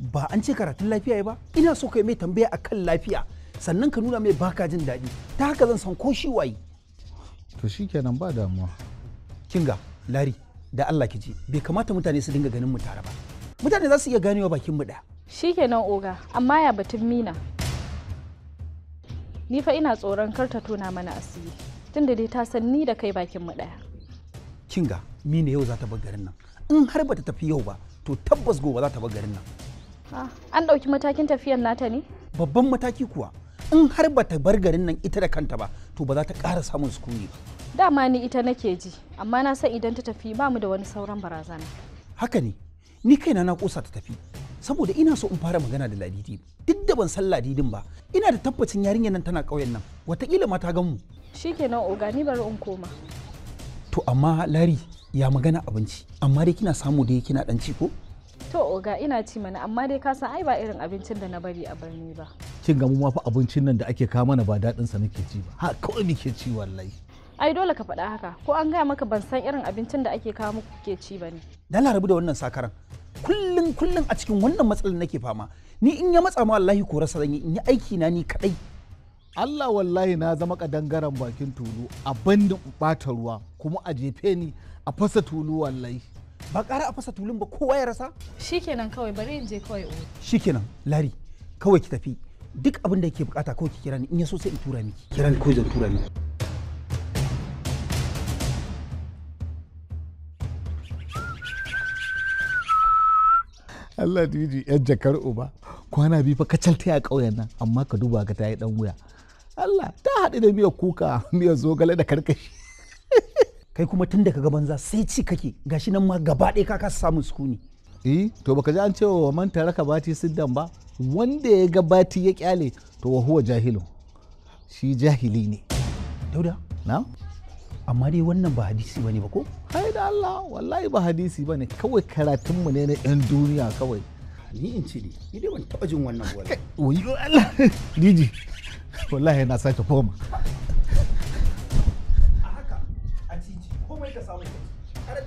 ba an ce karatun lafiya ba ina so kai mai tambaya akan lafiya sannan ka nuna mai baka jin daɗi ta haka zan san ko shi waye to shikenan ba damuwa kinga lari da Allah ki ji bai kamata mutane su dinga ganin mu tare ba mutane za su iya ganewa bakin mu ɗaya shikenan oga amma ya batun mina ni fa ina tsoron kar ta tona mana asiri tunda dai ta san ni da kai bakin mu daya kinga mi ne yau za ta bar garin nan in har ba ta tafi yau ba to tabbas gobe za ta bar garin nan ah, an ɗauki matakin tafiyan nata ne babban mataki kuwa in har ta bar garin nan ita da kanta ba to ba za ta ƙara samun sukuni ba dama ni ita nake ji amma na san idan ta tafi ba mu da wani sauran barazana haka ne ni kaina na kusa ta tafi saboda ina so in fara magana da ladidi duk da ban san ladidin ba ina da tabbacin yarinyar nan tana ƙauyen nan wataƙila ma ta gan mu shikenan oga ni bari in koma to amma lari ya magana abinci amma dai kina samu dai kina dan ci ko to oga ina ci mana amma dai ka san ai ba irin abincin da na bari a birni ba kin ga mu ma fa abincin nan da ake kawo mana ba dadin sa nake ci ba ha kawai nake ci wallahi ai dole ka faɗa haka ko an gaya maka ban san irin abincin da ake kawo muku ke ci ba ne. Da larabu da wannan sakaran kullum kullum a cikin wannan matsalar nake fama ni in ya matsa ma wallahi ko rasa zan yi in yi aiki na ni kadai Allah wallahi na zama kadangaren bakin tulu a bandin bata ruwa kuma a jefe ni a fasa tulu wallahi ba ƙara a fasa tulun ba kowa ya rasa shikenan kawai bari in je kawai shikenan lari kawai ki tafi duk abin da yake bukata kawai ki kira ni in ya so sai in tura miki kira ni kawai zan tura miki Allah da yi yan jakar uba kwana biyu fa kacal ta a ƙauyen nan amma ka duba ka ta yi ɗan wuya Allah ta haɗu da miyar kuka miyar zogale da karkashi kai kuma tun da ka banza sai ci kake gashi nan ma gaba ɗaya ka sukuni eh to baka ji an ce wa man taraka bati siddan ba wanda ya ga bati ya kyale to wa huwa jahilu shi jahili ne dauda na amma dai wannan ba hadisi bane ba ko hai da Allah wallahi ba hadisi bane kawai karatun mu ne na yan duniya kawai ni in ci ni dai ban taba jin wannan wala wayo Allah diji wallahi na sake koma a haka a komai ka samu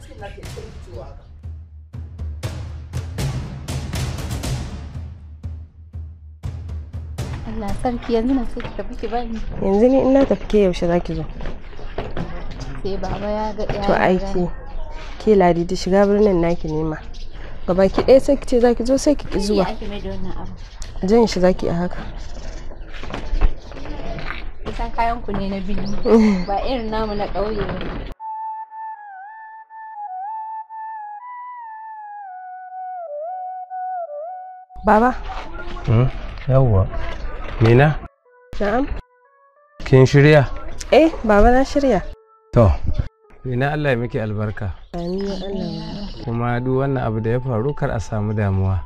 cikin lafiya haka Allah sarki yanzu na so ki tafi ki bani yanzu ne in na tafi ke yaushe zaki zo to aiki ke ladi da shiga birnin naki nema gaba ki ɗaya sai ki ce ki zo sai ki zuwa jan shi za ki a haka kusan kayan ku ne na ba irin namu na ƙauye ba Baba. Hmm? Yawwa. Mina? Na'am. Kin shirya? Eh, baba na shirya. To, ina Allah miki albarka. Kuma duk wannan abu da ya faru kar a samu damuwa.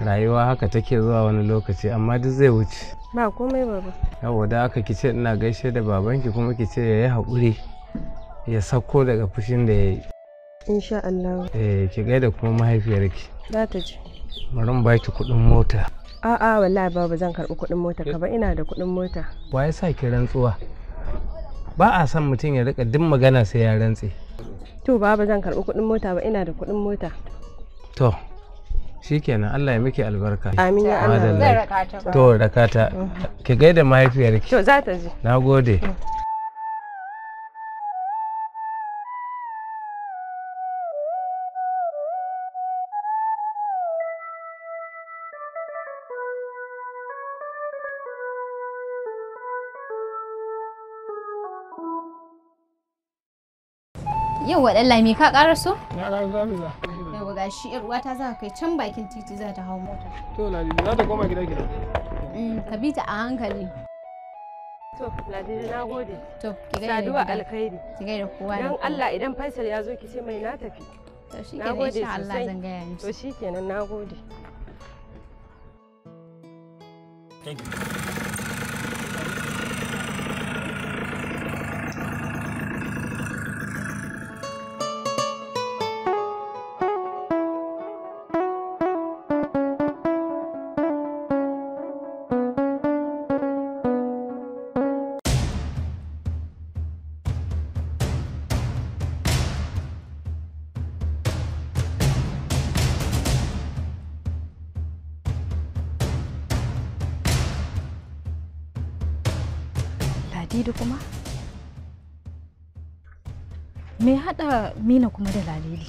Rayuwa haka take zuwa wani lokaci amma duk zai wuce. Ba komai baba. Yawo da aka kice ina gaishe da babanki kuma kice ya yi haƙuri ya sako daga fushin da ya yi. Insha Allah. Eh ki gaida kuma mahaifiyarki. Za ta ji. Bari mu baki kuɗin mota. A'a wallahi baba zan karɓi kuɗin mota ka ba ina da kuɗin mota. Wa ya sa ki rantsuwa? ba a san mutum ya rika duk magana sai ya rantse to ba zan karɓi kuɗin mota ba ina da kuɗin mota to shikenan Allah ya miki albarka amin ya Allah to rakata mm. ki gaida mahaifiyarki to za ta ji nagode mm. Yawwa ɗan lami ka ƙara so? Na ƙara so za. Yawwa ga shi ƴar uwata za ka kai can bakin titi za ta hau mota. To Ladidi za ta koma gida gida. Mm, ka bi ta a hankali. To Ladidi na gode. To ki gaida gida. Saduwa alkhairi. Ki gaida kowa. Dan Allah idan Faisal ya zo ki ce mai na tafi. To shi kenan insha Allah zan gaya miki. To shi kenan na gode. Thank you. Lalidu kuma? Me haɗa Mina kuma da Lalidi?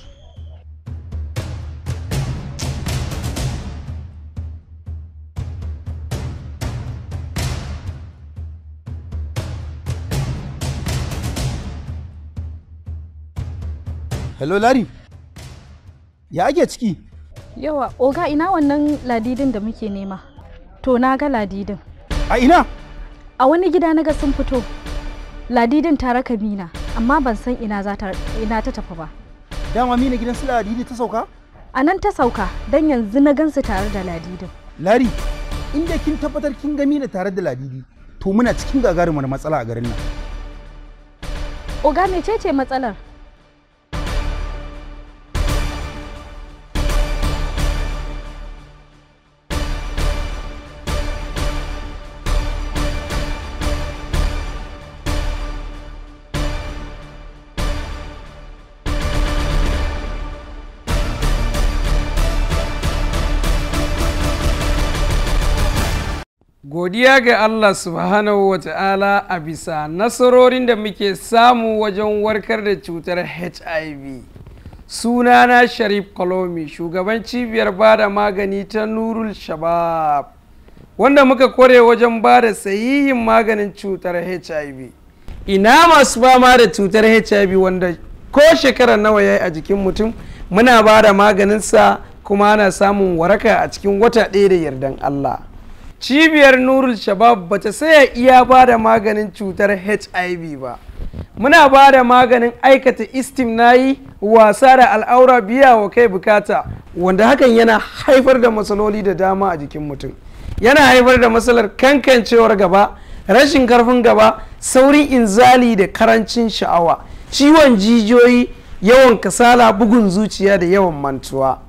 Hello Lari, ya ake ciki? Yawa, oga ina wannan ladidin da muke nema. To na ga ladidin. A ina? a wani gida na ga sun fito ladidin tare kabina amma ban san ina ta tafi ba dama mina gidan su ladidi ta sauka a nan ta sauka don yanzu na gansu tare da ladidin lari inda kin tabbatar kin ga mina tare da ladidi to muna cikin gagarumar matsala a garin nan oga mecece matsalar godiya ga Allah subhanahu wa ta'ala a bisa nasarorin da muke samu wajen warkar da cutar HIV. Sunana Sharif Kolomi, shugaban cibiyar bada magani ta Nurul Shabab, wanda muka kore wajen bada sahihin maganin cutar HIV. Ina masu fama da cutar HIV wanda ko shekara nawa ya yi a jikin mutum, muna bada maganinsa kuma ana samun waraka a cikin wata ɗaya da yardan Allah. cibiyar nurul shabab bata saya iya ba da maganin cutar hiv ba muna ba da maganin aikata istim istimnayi wasa da al'aura biya wa kai bukata wanda hakan yana haifar da matsaloli da dama a jikin mutum yana haifar da matsalar kankancewar gaba rashin karfin gaba saurin inzali da karancin sha'awa ciwon jijiyoyi yawan kasala bugun zuciya da yawan mantuwa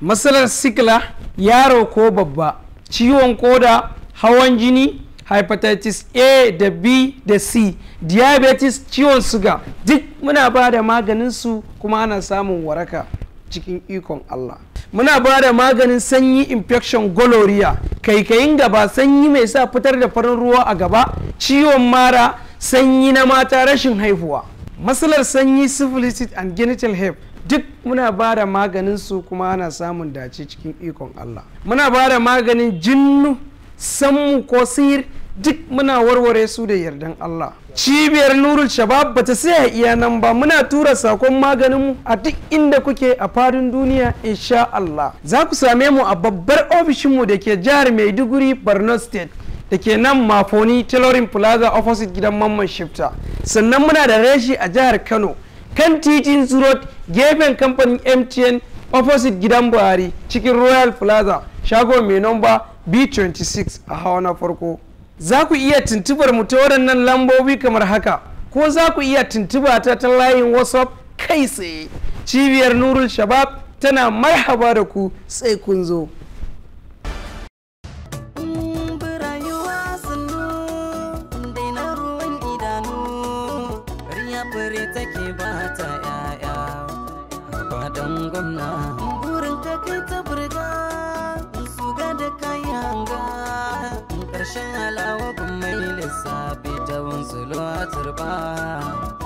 matsalar sikila yaro ko babba ciwon koda hawan jini hepatitis a da b da c diabetes ciwon suga duk muna ba da maganin su kuma ana samun waraka cikin ikon allah muna ba da maganin sanyi infection gonorrhea kaikayin gaba sanyi mai sa fitar da farin ruwa a gaba ciwon mara sanyi na mata rashin haihuwa matsalar sanyi syphilis and genital herpes duk muna ba da maganin su kuma ana samun dace cikin ikon Allah muna ba da maganin jinnu sammu ko sihir duk muna warware su da yardan Allah cibiyar nurul shabab bata saya iya nan ba muna tura sakon maganinmu a duk inda kuke a fadin duniya insha Allah za ku same mu a babbar ofishinmu da ke jihar maiduguri borno state da ke nan mafoni tailoring plaza opposite gidan mamman shifta sannan muna da reshi a jihar kano kan titin road gefen kamfanin mtn opposite gidan buhari cikin royal plaza shago mai nomba b26 a hawa na farko za ku iya tuntubar mu ta waɗannan lambobi kamar haka ko za ku iya tuntuba ta ta layin whatsapp kai tsaye cibiyar nurul shabab tana marhaba da ku sai kun zo karba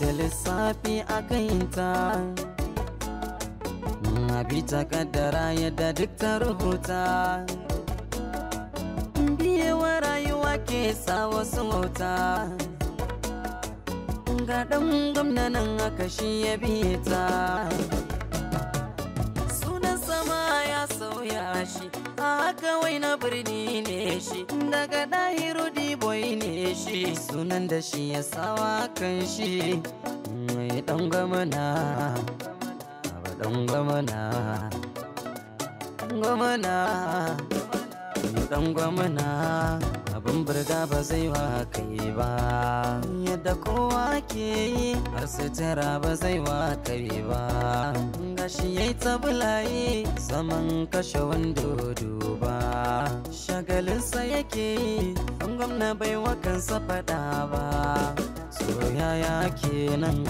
da lissafi a kayinta abi ta kaddara yadda duk ta rubuta biyewa rayuwa ke sa wasu mota. ga ɗan gwamnanin haka shi ya biye ta sunan sama ya sauya shi a haka wai na birni ne shi daga ɗahiru Boy ne shi sunan da shi ya sawa kan shi mai ɗan ba ɗan ɗan abin burga ba zai wa kai ba yadda kowa ke yi har sutura ba zai wa kai ba gashi yayi bulaye. zaman kashe wando duba shagalinsa yake yi an gwamna bai wa kansa faɗa ba soyaya kenan